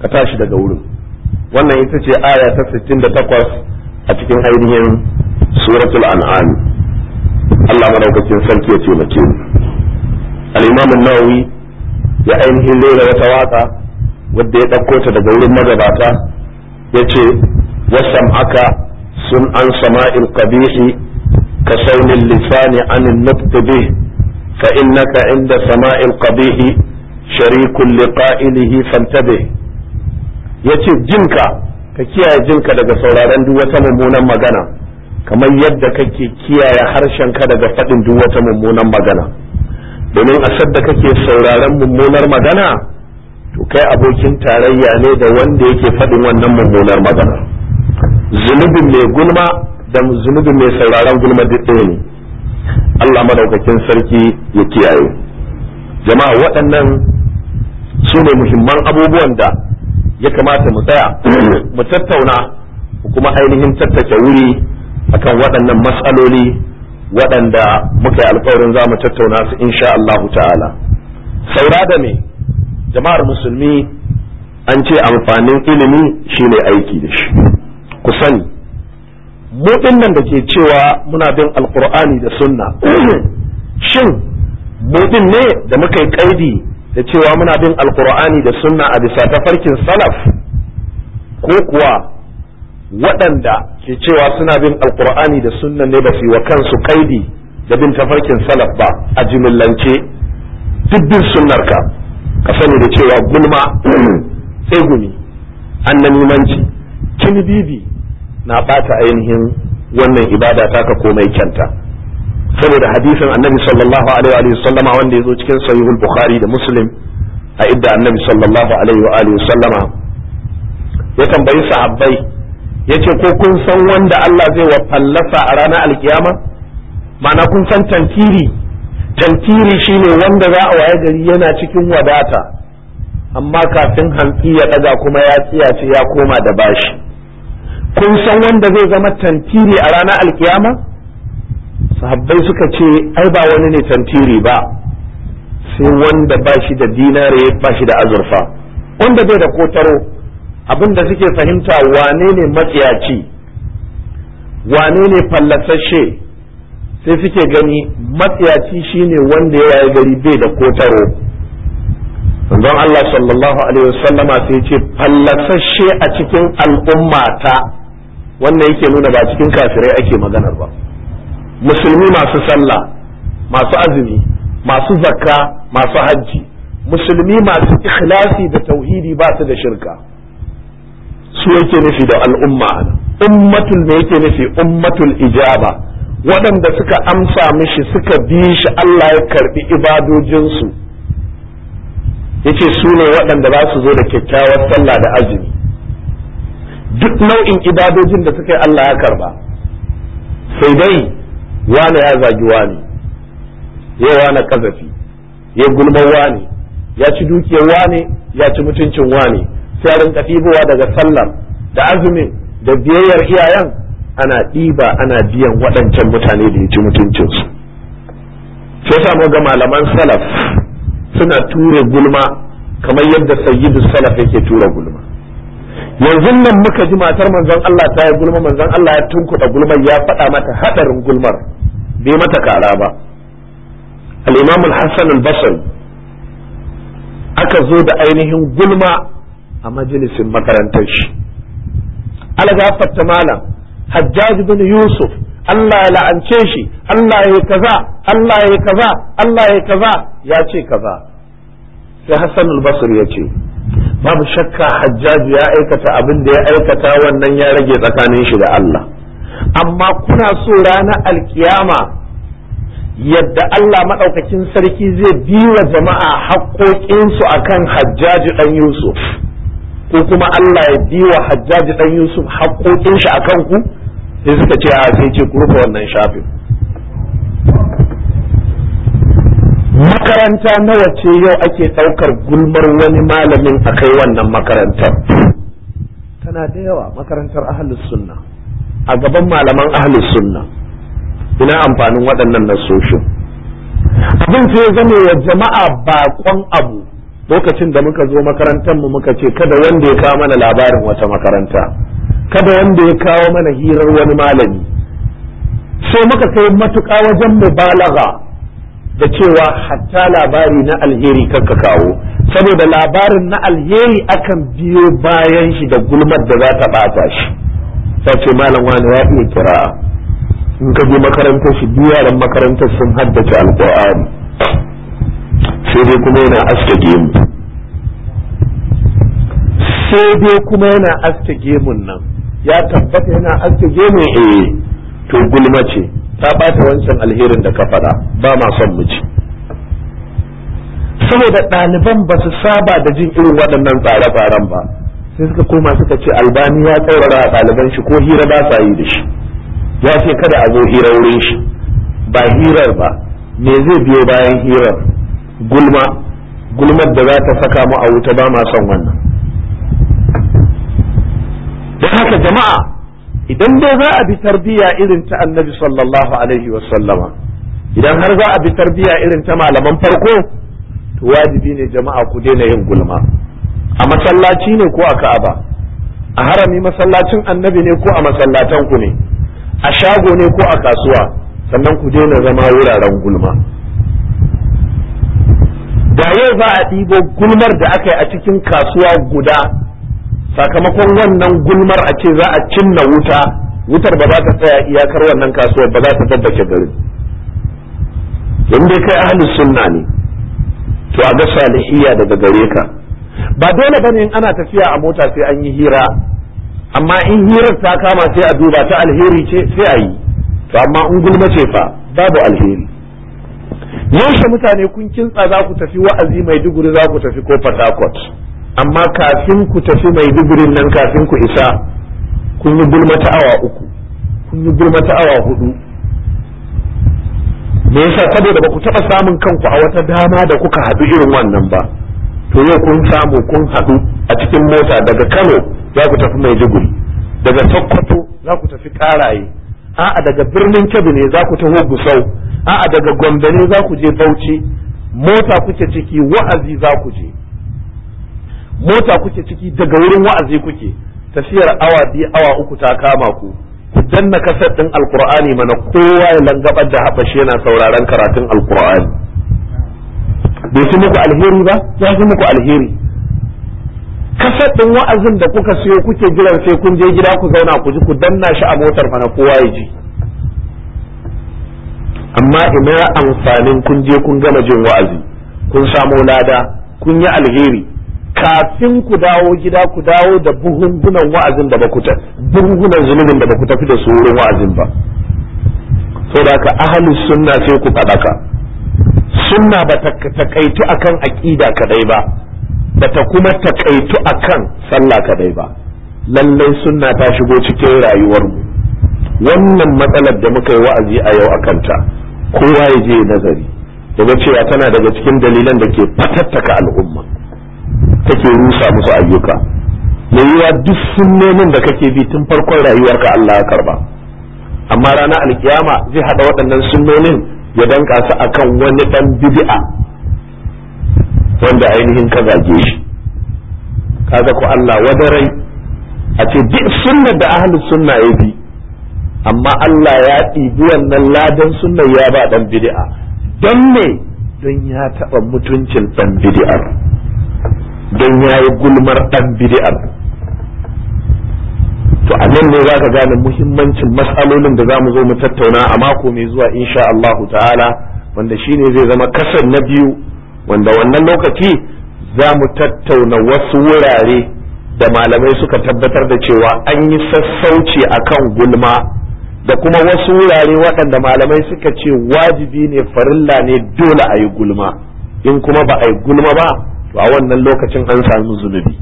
ka tashi daga wurin wannan ita ce aya ta 68 a cikin ainihin suratul an'am Allah madaukakin sarki ya taimake mu al-imam an ya ainihin rera wata waka wadda ya ɗauko ta daga wurin magabata ya ce wasan aka sun an sama'il qabihi ka saunin lisani anin nutfi bih fa innaka inda sama'il qabihi sharikun liqa'ilihi fantabih yace jinka ka kiyaye jinka daga sauraron duk wata mummunan magana kamar yadda kake kiyaye harshen ka daga faɗin duk wata mummunan magana domin a sadda kake sauraron mummunar magana to kai abokin tarayya ne da wanda yake faɗin wannan mummunar magana zunubin mai gulma da zunubin mai sauraron gulma duk ne Allah madaukakin sarki ya kiyaye jama'a waɗannan su ne muhimman abubuwan da ya kamata mu tsaya mu tattauna kuma ainihin tattace wuri akan waɗannan matsaloli waɗanda muka yi alkawarin za mu tattauna su insha Allah ta'ala saura da me jama'ar musulmi an ce amfanin ilimi shine aiki da shi ku sani mu nan da ke cewa muna bin alkur'ani da sunna shin mu ne da muka yi kaidi da cewa muna bin alkur'ani da sunna a bisa tafarkin salaf ko kuwa waɗanda ke cewa suna bin alkur'ani da sunnan ne ba su wa kansu kaidi da bin tafarkin salaf ba a jimillance duk bin sunnar ka ka sani da cewa gulma tsegumi annanimanci kinibibi na bata ainihin wannan ibada ta ka komai kyanta saboda hadisin annabi sallallahu alaihi wa sallama wanda ya zo cikin sahihul bukhari da muslim a idda annabi sallallahu alaihi wa sallama ya tambayi sahabbai yace ko kun san wanda Allah zai wa fallasa a ranar alkiyama ma'ana kun san tantiri tantiri shine wanda za a waye gari yana cikin wadata amma kafin hantsi ya daga kuma ya ce, ya koma da bashi kun san wanda zai zama tantiri a ranar alkiyama sahabbai suka ce ai ba wani ne tantiri ba sai wanda bashi da dinare bashi da azurfa wanda bai da kotaro abin da suke fahimta wane ne matsiyaci wane ne fallasashe sai suke gani matsiyaci shine wanda ya yi gari bai da kotaro don Allah sallallahu alaihi wasallama sai ce fallasashe a cikin al'ummata wannan yake nuna ba cikin kafirai ake maganar ba musulmi masu sallah masu azumi masu zakka masu hajji musulmi masu ikhlasi da tauhidi ba su da shirka su yake nufi da al'umma ummatul me yake nufi ummatul ijaba waɗanda suka amsa mishi suka bi shi Allah ya karbi ibadojinsu yace su ne waɗanda za su zo da kyakkyawar sallah da azumi duk nau'in ibadojin da suka yi Allah ya karba sai dai wane ya zagi wani ya wane kazafi ya gulman wani ya ci dukiyar wani ya ci mutuncin wani Yarin rinka ɗibowa daga sallar da azumin da biyayyar iyayen ana ɗiba ana biyan waɗancan mutane da ya ci mutuncinsu sai sa ga malaman salaf suna ture gulma kamar yadda sayyidu salaf yake tura gulma yanzu nan muka ji matar manzon Allah ta yi gulma manzon Allah ya tunkuɗa gulmar ya faɗa mata haɗarin gulmar bai mata kara ba al-imam al-hasan al-basri aka zo da ainihin gulma a majalisin makarantar shi algafar ta malam hajjaj bin yusuf Allah ya la'ance shi Allah ya kaza Allah ya kaza Allah ya kaza ya ce kaza sai Hassan al-Basri ya ce babu shakka Hajjaji ya aikata abin da ya aikata wannan ya rage tsakanin shi da Allah amma kuna so ranar alkiyama yadda Allah maɗaukakin sarki zai biwa jama'a haƙoƙinsu akan hajjaji ɗan Yusuf ko kuma Allah ya bi wa Hajjaji dan Yusuf haƙoƙin shi akan ku sai suka ce a sai ce ku rufe wannan shafin makaranta nawa ce yau ake ɗaukar gulmar wani malamin a kai wannan makarantar tana da yawa makarantar ahlus sunna a gaban malaman ahlus sunna ina amfanin waɗannan nasoshin abin sai zama wa jama'a baƙon abu lokacin da muka zo makarantar mu muka ce kada wanda ya kawo mana labarin wata makaranta kada wanda ya kawo mana hirar wani malami so muka kai matuƙa wajen mubalaga da cewa hatta labari na alheri ka kawo saboda labarin na alheri akan biyo bayan shi da gulmar da za ta bata shi ta ce malam wani ya iya kira in ka je makarantar shi biyaran makarantar sun haddace alƙur'ani sai dai kuma yana aske gemu sai dai kuma yana aske gemun nan ya tabbata yana aske gemu. eh to gulma ce ta bata wancan alherin da ka fada ba ma son mu ci saboda ɗaliban ba su saba da jin irin waɗannan tsare-tsaren ba sai suka koma suka ce albani ya tsaurara a ɗaliban shi ko hira ba sa yi da shi ya ce kada a zo hirar wurin shi ba hirar ba me zai biyo bayan hirar gulma gulmar da za ta saka mu a wuta ba ma son wannan don haka jama'a idan dai za a bi tarbiyya irin ta annabi sallallahu alaihi sallama, idan har za a bi tarbiyya irin ta malaman farko to wajibi ne jama'a ku daina yin gulma a masallaci ne ko a ka'aba a harami masallacin annabi ne ko a masallatan ku ne a shago ne ko a kasuwa sannan ku daina zama wuraren gulma da yau za a ɗibo gulmar da aka yi a cikin kasuwa guda sakamakon wannan gulmar a ce za a cinna wuta wutar ba za ta tsaya iyakar wannan kasuwar ba za ta tabbace garin in dai kai ahlus sunna ne to a ga salihiyya daga gare ka ba dole bane in ana tafiya a mota sai an yi hira amma in hirar ta kama sai a duba ta alheri ce sai a yi to amma in gulma ce fa babu alheri yaushe mutane kun kintsa za ku tafi wa'azi mai maiduguri za ku tafi ko dakot amma kafin ku tafi mai dugurin nan kafin ku isa kun yi gulma ta awa uku kun yi gulma ta awa hudu me yasa saboda ba ku taɓa samun kanku a wata dama da kuka haɗu irin wannan ba to yau kun samu kun haɗu a cikin mota daga kano za ku tafi mai maiduguri daga sokoto za ku tafi karaye a'a daga birnin Kebbi ne za ku taho Gusau a'a daga Gombe ne za ku je Bauchi mota kuke ciki wa'azi za ku je mota kuke ciki daga wurin wa'azi kuke tafiyar awa biyu awa uku ta kama ku ku danna kasar ɗin alkur'ani mana kowa ya langabar da habashi yana sauraron karatun alkur'ani bai fi muku alheri ba ya fi muku alheri kasar ɗin wa'azin da kuka siyo kuke jiran sai kun je gida ku zauna ku ji ku danna shi a motar mana kowa ya ji amma ina amfanin kun je kun gama jin wa'azi kun samo lada kun yi alheri kafin ku dawo gida ku dawo da buhungunan wa'azin da bakuta buhungunan zunubin da baku tafi da su wurin wa'azin ba da ka ahalus sunna sai ku fadaka sunna ba ta takaitu akan aqida kadai ba bata kuma takaitu kan sallah kadai ba lallai sunna ta shigo cikin rayuwarmu wannan matsalar da muka yi wa'azi a yau a kanta kowa ya je nazari daga cewa tana daga cikin dalilan da ke fatattaka al'umma take rusa musu ayyuka yiwuwa duk sunnonin da kake bi tun farkon rayuwarka Allah ya karba amma ranar alkiyama zai hada waɗannan sunnonin ya danka su akan wani dan bid'a wanda ainihin ka zage shi kaga ku Allah wadarai a ce duk sunnar da ahlus sunna ya bi amma Allah ya ɗibi wannan ladan sunnar ya ba dan bid'a don me don ya taɓa mutuncin dan bid'ar don ya yi gulmar dan bid'ar to a nan ne za ka gane muhimmancin matsalolin da za mu zo mu tattauna a mako mai zuwa insha Allahu ta'ala wanda shine zai zama kasar na biyu wanda wannan lokaci za mu tattauna wasu wurare da malamai suka tabbatar da cewa an yi sassauci a kan gulma da kuma wasu wurare waɗanda malamai suka ce wajibi ne farilla ne dole a yi gulma in kuma ba a yi gulma ba to a wannan lokacin an sami zunubi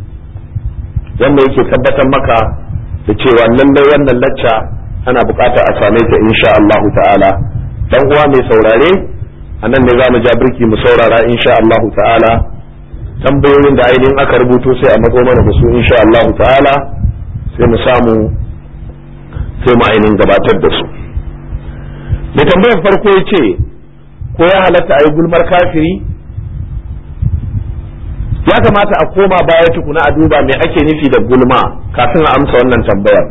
wanda yake tabbatar maka da cewa lallai wannan lacca ana bukata a same ta insha Allahu ta'ala dan uwa mai saurare anan ne za mu ja birki mu saurara insha Allahu ta'ala tambayoyin da ainihin aka rubuto sai a matso mana da su insha Allahu ta'ala sai mu samu sai mu ainihin gabatar da su da tambayar farko ya ce ko ya halatta a yi gulmar kafiri ya kamata a koma baya tukuna a duba mai ake nufi da gulma kafin a amsa wannan tambayar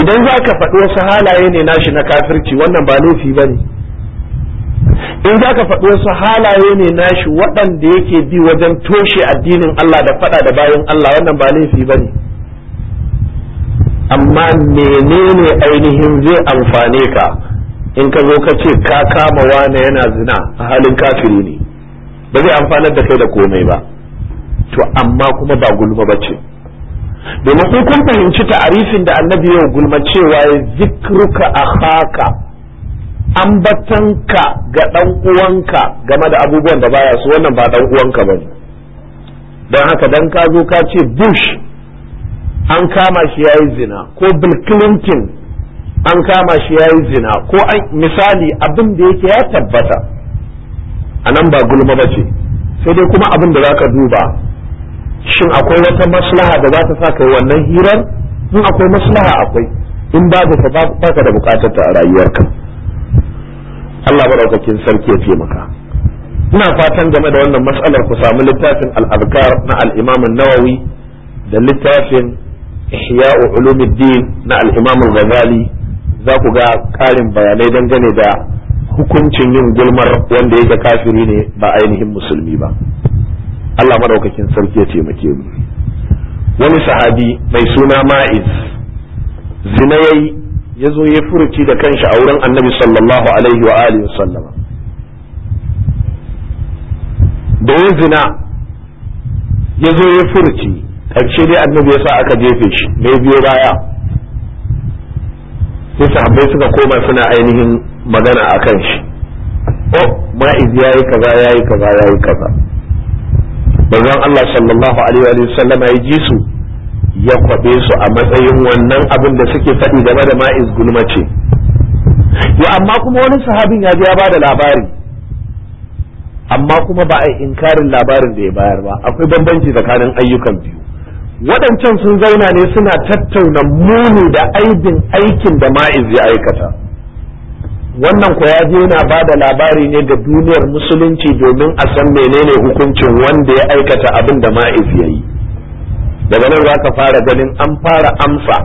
idan za ka faɗo wasu halaye ne nashi na kafirci wannan ba laifi ba ne in za ka faɗi wasu halaye ne nashi waɗanda yake bi wajen toshe addinin Allah da faɗa da bayan Allah wannan ba laifi ba ne amma menene ainihin zai amfane ka in ka zo ka ce ka kama wane yana zina a halin kafiri ne ba zai amfanar da kai da komai ba to amma kuma ba gulma ba ce domin kun fahimci ta'arifin da annabi yau gulma cewa ya zikruka a haka ambatanka ga dan uwanka game da abubuwan da baya su wannan ba dan uwanka bane don haka dan ka zo ka ce bush an kama shi yayi zina ko bill clinton an kama shi yayi zina ko misali abin da yake ya tabbata a nan ba gulma ba ce sai dai kuma abin da za ka duba shin akwai wata maslaha da za ta sa kai wannan hirar in akwai maslaha akwai in ba ka baka da bukatar ta a rayuwarka Allah madaukakin sarki ya maka ina fatan game da wannan matsalar ku samu littafin al-azkar na al-imam an-nawawi da littafin ihya ulumuddin na al-imam al-ghazali za ku ga karin bayanai dangane da hukuncin yin gulmar wanda yake kafiri ne ba ainihin musulmi ba Allah madaukakin sarki ya taimake mu wani sahabi mai suna ma'iz zina ya zo ya furuci da kanshi a wurin annabi sallallahu alaihi wa alihi wa sallama da ya zina ya zo ya furuci ƙarshe dai annabi ya sa aka jefe shi mai biyo baya sai sahabbai suka koma suna ainihin magana a kan shi o ma'iz ya yi kaza ya yi kaza ya yi kaza manzon Allah sallallahu alaihi wa sallama ya ji su ya kwabe su a matsayin wannan abin da suke faɗi game da ma'iz gulma ce amma kuma wani sahabin ya je ya bada labari amma kuma ba a inkarin labarin da ya bayar ba akwai bambanci tsakanin ayyukan biyu waɗancan sun zauna ne suna tattauna muni da aibin aikin da ma'iz ya aikata wannan ko ya je yana ba da labari ne ga duniyar musulunci domin a san menene hukuncin wanda ya aikata abin da ma'iz ya yi daga nan za ka fara ganin an fara amsa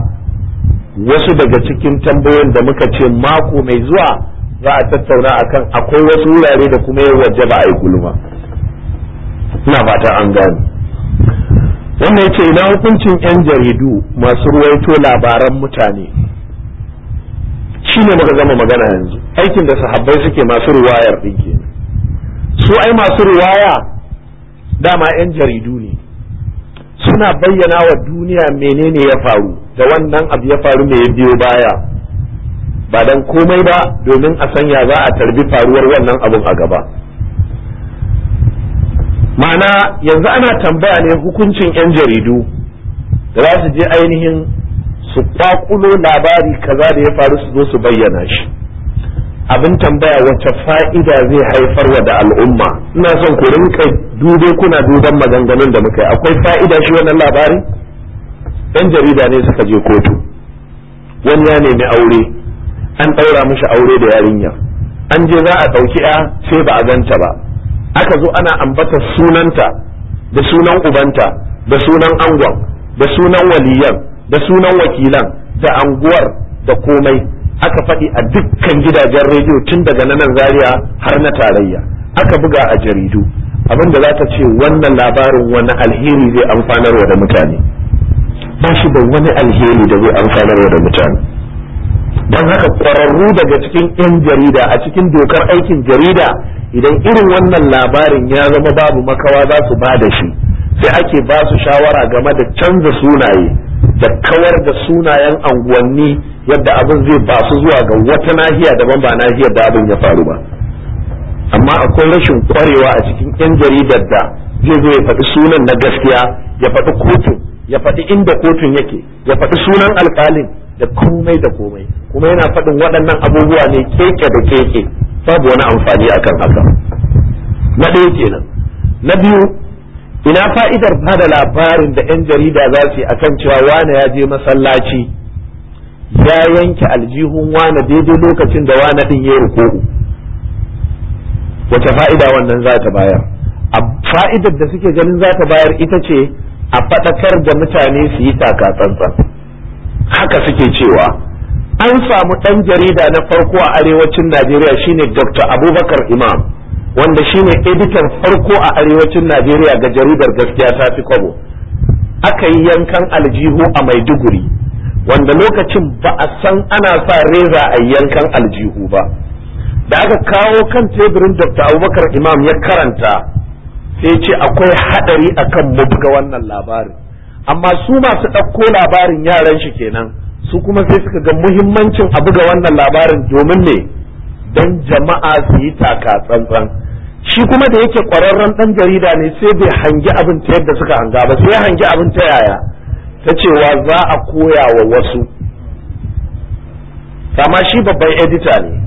wasu daga cikin tambayoyin da muka ce mako mai zuwa za a tattauna akan akwai wasu wurare da kuma ya wajaba a yi gulma ina fata an gani wannan yace ina hukuncin yan jaridu masu ruwaito labaran mutane shi ne muka gama magana yanzu aikin da sahabbai suke masu ruwayar ɗin su ai masu ruwaya dama yan jaridu ne suna bayyana wa duniya menene ya faru da wannan abu ya faru mai biyo baya ba dan komai ba domin a sanya za a tarbi faruwar wannan abun a gaba ma'ana yanzu ana tambaya ne hukuncin 'yan jaridu da za su je ainihin su kwakulo labari kaza da ya faru su zo su bayyana shi abin tambaya wace fa'ida zai haifar wa da al'umma ina son ku rinka dube kuna duban maganganun da muka yi akwai fa'ida shi wannan labari Ɗan jarida ne suka je kotu wani ya nemi aure an ɗaura mishi aure da yarinya an je za a ɗauki ya sai ba a ganta ba aka zo ana ambata sunanta da sunan ubanta da sunan angon da sunan waliyan da sunan wakilan da anguwar da komai aka faɗi a dukkan gidajen rediyo tun daga na nan har na tarayya aka buga a jaridu abin da za ka ce wannan labarin wani alheri zai amfanarwa da mutane ba shi da wani alheri da zai amfanarwa da mutane don haka kwararru daga cikin 'yan jarida a cikin dokar aikin jarida idan irin wannan labarin ya zama babu makawa za su ba da shi sai ake ba su shawara game da canza sunaye da kawar da sunayen anguwanni yadda abin zai ba su zuwa ga wata nahiya daban ba nahiyar da abin ya faru ba amma akwai rashin kwarewa a cikin 'yan jaridar da zai zo ya faɗi sunan na gaskiya ya faɗi kotun ya faɗi inda kotun yake ya faɗi sunan alƙalin da komai da komai kuma yana faɗin waɗannan abubuwa ne keke da keke babu wani amfani akan haka na ɗaya kenan na biyu ina fa'idar bada labarin da 'yan jarida za su yi a kan cewa wane ya je masallaci ya yanke aljihun wane daidai lokacin da wane din ya ruku'u wace fa'ida wannan za ta bayar a fa'idar da suke ganin za ta bayar ita ce a faɗakar da mutane su yi taka tsantsan haka suke cewa an samu ɗan jarida na farko a arewacin najeriya shine dr abubakar imam wanda shine editan farko a arewacin Najeriya ga jaridar gaskiya ta fi kwabo aka yi yankan aljihu a Maiduguri wanda lokacin ba a san ana sa reza a yankan aljihu ba da aka kawo kan teburin Dr. Abubakar Imam ya karanta sai ce akwai hadari akan mu buga wannan labarin amma su masu ɗauko labarin yaran shi kenan su kuma sai suka ga muhimmancin a buga wannan labarin domin ne don jama'a su yi taka tsantsan shi kuma da yake ƙwararren ɗan jarida ne sai bai hangi abin ta yadda suka hanga ba sai hangi abin ta yaya ta cewa za a koya wa wasu kama shi babban edita ne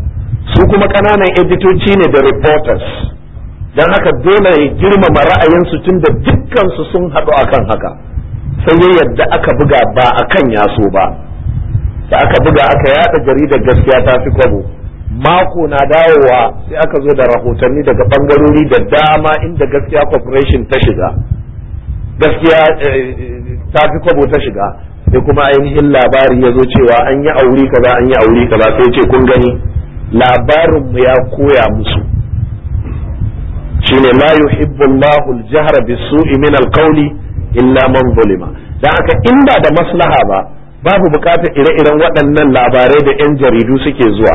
su kuma ƙananan editoci ne da reporters don haka dole ya girmama ra'ayinsu tun da dukkansu sun haɗu akan haka sai ya yadda aka buga ba akan yaso ba da aka buga aka yada jaridar gaskiya ta fi kwabo mako na dawowa sai aka zo da rahotanni daga bangarori da dama inda gaskiya corporation ta shiga gaskiya eh, ta fi kwabo ta shiga sai kuma ainihin labari ya zo cewa an yi aure kaza an yi aure kaza sai ce kun gani labarinmu ya koya musu shine la yuhibbu Allahu al-jahra bis-su'i min al illa man zulima dan haka inda da maslaha ba babu bukatar ire-iren waɗannan labarai da 'yan jaridu suke zuwa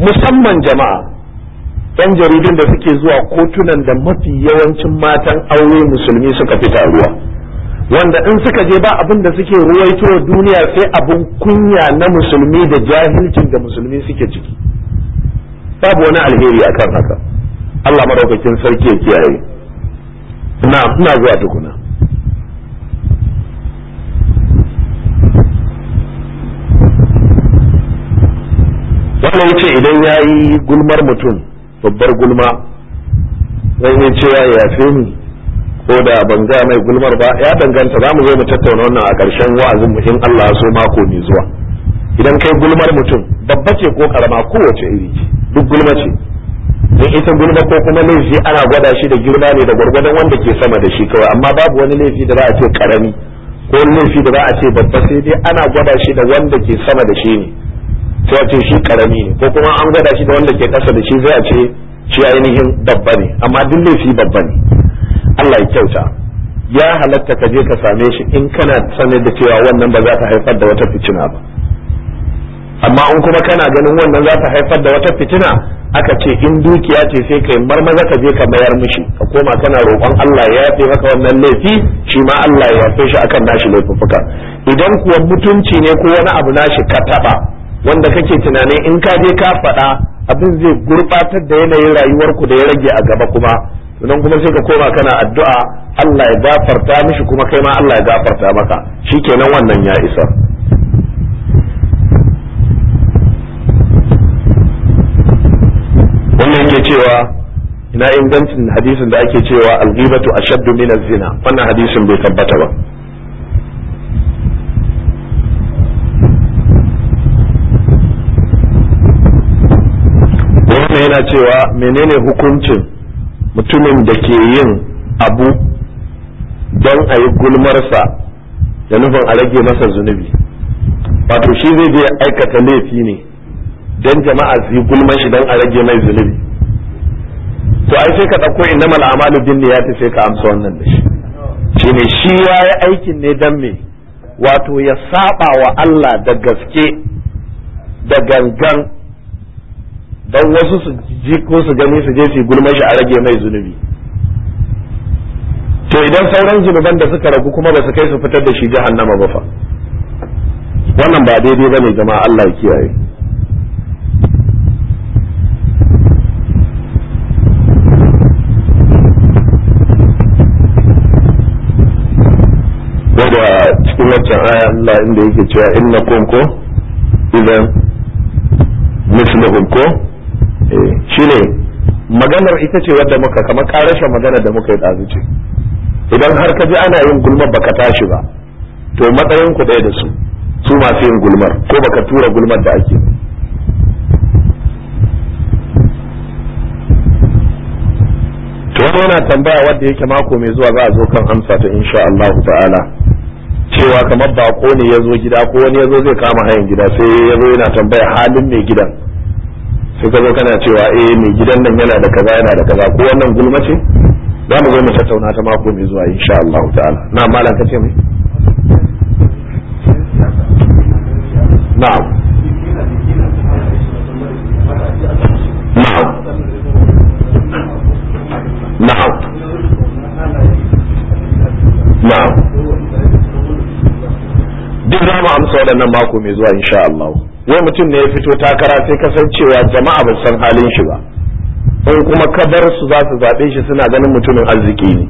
musamman jama'a 'yan jaridun da suke zuwa kotunan da mafi yawancin matan aure musulmi suka fi taruwa wanda in suka je ba abin da suke ruwaito duniya sai abin kunya na musulmi da jahilcin da musulmi suke ciki babu wani alheri akan haka Allah madaukakin sarki ya kiyaye na ina zuwa tukuna mana wuce idan ya yi gulmar mutum babbar gulma zan yi cewa ya yafe ni ko da ban ga mai gulmar ba ya danganta za mu zo mu tattauna wannan a ƙarshen wa'azin in Allah so mako mai zuwa idan kai gulmar mutum babba ce ko karama kowace iri ce duk gulma ce don ita gulma ko kuma laifi ana gwada shi da girma ne da gwargwadon wanda ke sama da shi kawai amma babu wani laifi da za a ce karami ko laifi da za a ce babba sai dai ana gwada shi da wanda ke sama da shi ne sai a shi karami ne ko kuma an gwada shi da wanda ke kasa da shi zai a ce shi ainihin babba ne amma duk laifi babba ne Allah ya kyauta ya halatta ka je ka same shi in kana sane da cewa wannan ba za ta haifar da wata fitina ba amma in kuma kana ganin wannan za ta haifar da wata fitina aka ce in dukiya ce sai kai marmaza ka je ka bayar mishi ka koma kana roƙon Allah ya yafe maka wannan laifi shi ma Allah ya yafe shi akan nashi laifuka idan kuwa mutunci ne ko wani abu nashi ka taba wanda kake tunanin in ka je ka faɗa abin zai gurbatar da yanayin rayuwarku da ya rage a gaba kuma sannan kuma sai ka koma kana addu'a Allah ya gafarta mishi kuma kai ma Allah ya gafarta maka Shi kenan wannan ya isa wannan yake cewa ina ingancin hadisin da ake cewa al-ghibatu ashaddu min az-zina wannan hadisin bai tabbata ba cewa menene hukuncin mutumin da ke yin abu don a yi gulmarsa da nufin a rage masa zunubi wato shi zai je aikata laifi ne don jama'a su yi gulmar shi don a rage mai zunubi to ai sai ka ɗauko mal'amalu din ne ya fi sai ka amsa wannan da shi ne shi ya yi aikin ne don me wato ya saɓa wa Allah da gaske da gangan don wasu su ji ko su gani su je su gulma shi a rage mai zunubi to idan sauran zunuban da suka ragu kuma ba su kai su fitar da shi jahannama ba fa wannan ba daidai ba ne jama'a Allah ya kiyaye da cikin waccan aya Allah inda yake cewa innakum ko idan ko Eh, shi ne maganar ita ce wadda muka kamar karashe magana da muka yi ɗazu ce idan har ka ji ana yin gulmar baka tashi ba to matsayin ku ɗaya da su su masu yin gulmar ko baka tura gulmar da ake to wani yana tambaya wadda yake mako mai zuwa za a zo kan amsa ta insha Allah ta'ala cewa kamar bako ne ya zo gida ko wani ya zo zai kama hayan gida sai ya zo yana tambaya halin mai gidan sai ka zo kana cewa eh mai gidan nan yana da kaza yana da kaza ko wannan gulma ce za mu zo mu tattauna ta mako mai zuwa insha Allah ta'ala na malam kace mai na'am na'am na'am duk za mu amsa waɗannan mako mai zuwa insha Allah wai mutum ne ya fito takara sai ka san cewa jama'a ba san halin shi ba in kuma ka bar su za su zaɓe shi suna ganin mutumin arziki ne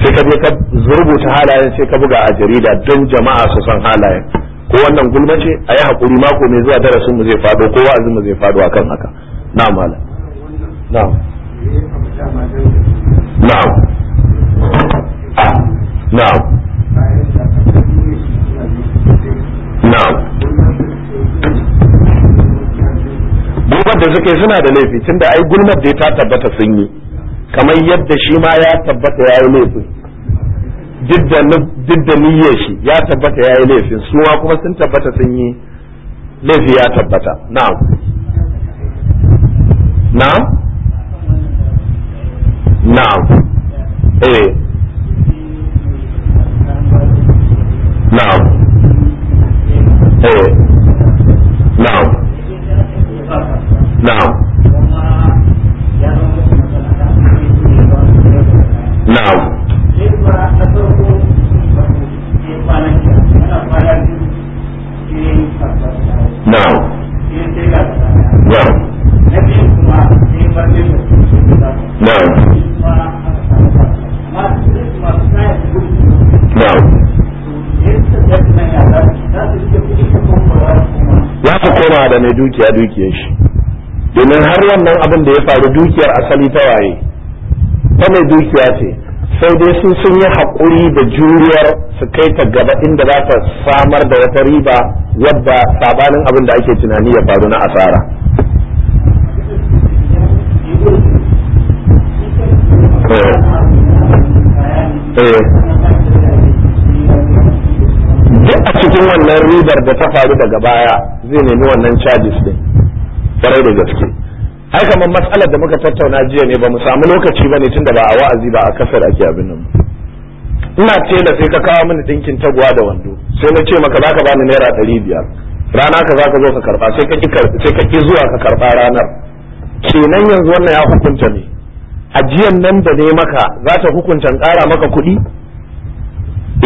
sai ka je ka rubuta halayen sai ka buga a jarida don jama'a su san halayen ko wannan gulma ce a yi haƙuri mako mai zuwa darasin mu zai faɗo ko wa'azin mu zai faɗo akan haka na'am mala na'am na'am na'am na'am da suke suna da laifi tunda ai gulmar da ta tabbata sun yi kamar yadda shi ma ya tabbata ya yi laifin duk da niyyar shi ya tabbata ya yi laifin su ma kuma sun tabbata sun yi laifi ya tabbata na'am na'am na'am eh na'am eh na'am نعم نعم ya fi koma da mai dukiya dukiyar shi domin har wannan abin da ya faru dukiyar asali ta waye ta mai dukiya ce sai dai su sun yi haƙuri da juriyar su kai ta gaba inda za ta samar da wata riba wadda sabanin abin da ake tunani ya faru na asara eh. Eh. duk a cikin wannan ribar da ta faru daga baya zai nemi wannan charges din kwarai da gaske ai kamar matsalar da muka tattauna jiya ne ba mu samu lokaci ba ne tunda ba a wa'azi ba a kasar ake abin nan ina tela sai ka kawo mini dinkin taguwa da wando sai na ce maka zaka bani naira ɗari biyar rana ka zaka zo ka karba sai ka ki sai ka ki zuwa ka karba ranar kenan yanzu wannan ya hukunta ne ajiyan nan da ne maka za ta hukunta ƙara maka kuɗi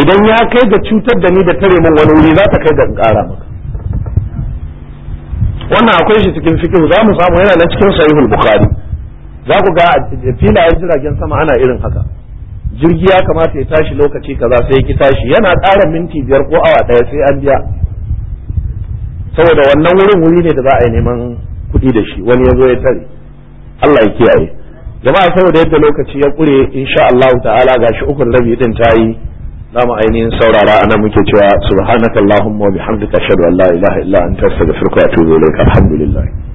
idan ya kai ga cutar da ni da tare min wani wuri za ta kai ga ƙara maka wannan akwai shi cikin fikihu za mu samu yana nan cikin sahihul bukhari za ku ga filayen jiragen sama ana irin haka jirgi ya kamata ya tashi lokaci kaza sai ki tashi yana ƙara minti biyar ko awa ɗaya sai an biya saboda wannan wurin wuri ne da za a yi neman kuɗi da shi wani ya zo ya tare Allah ya kiyaye jama'a saboda yadda lokaci ya ƙure insha Allah ta'ala gashi ukun rabi din ta yi zamu ainihin saurara ana muke cewa subhanakallahumma wa bihamdika ashhadu an la ilaha illa anta astaghfiruka wa atubu ilaik alhamdulillah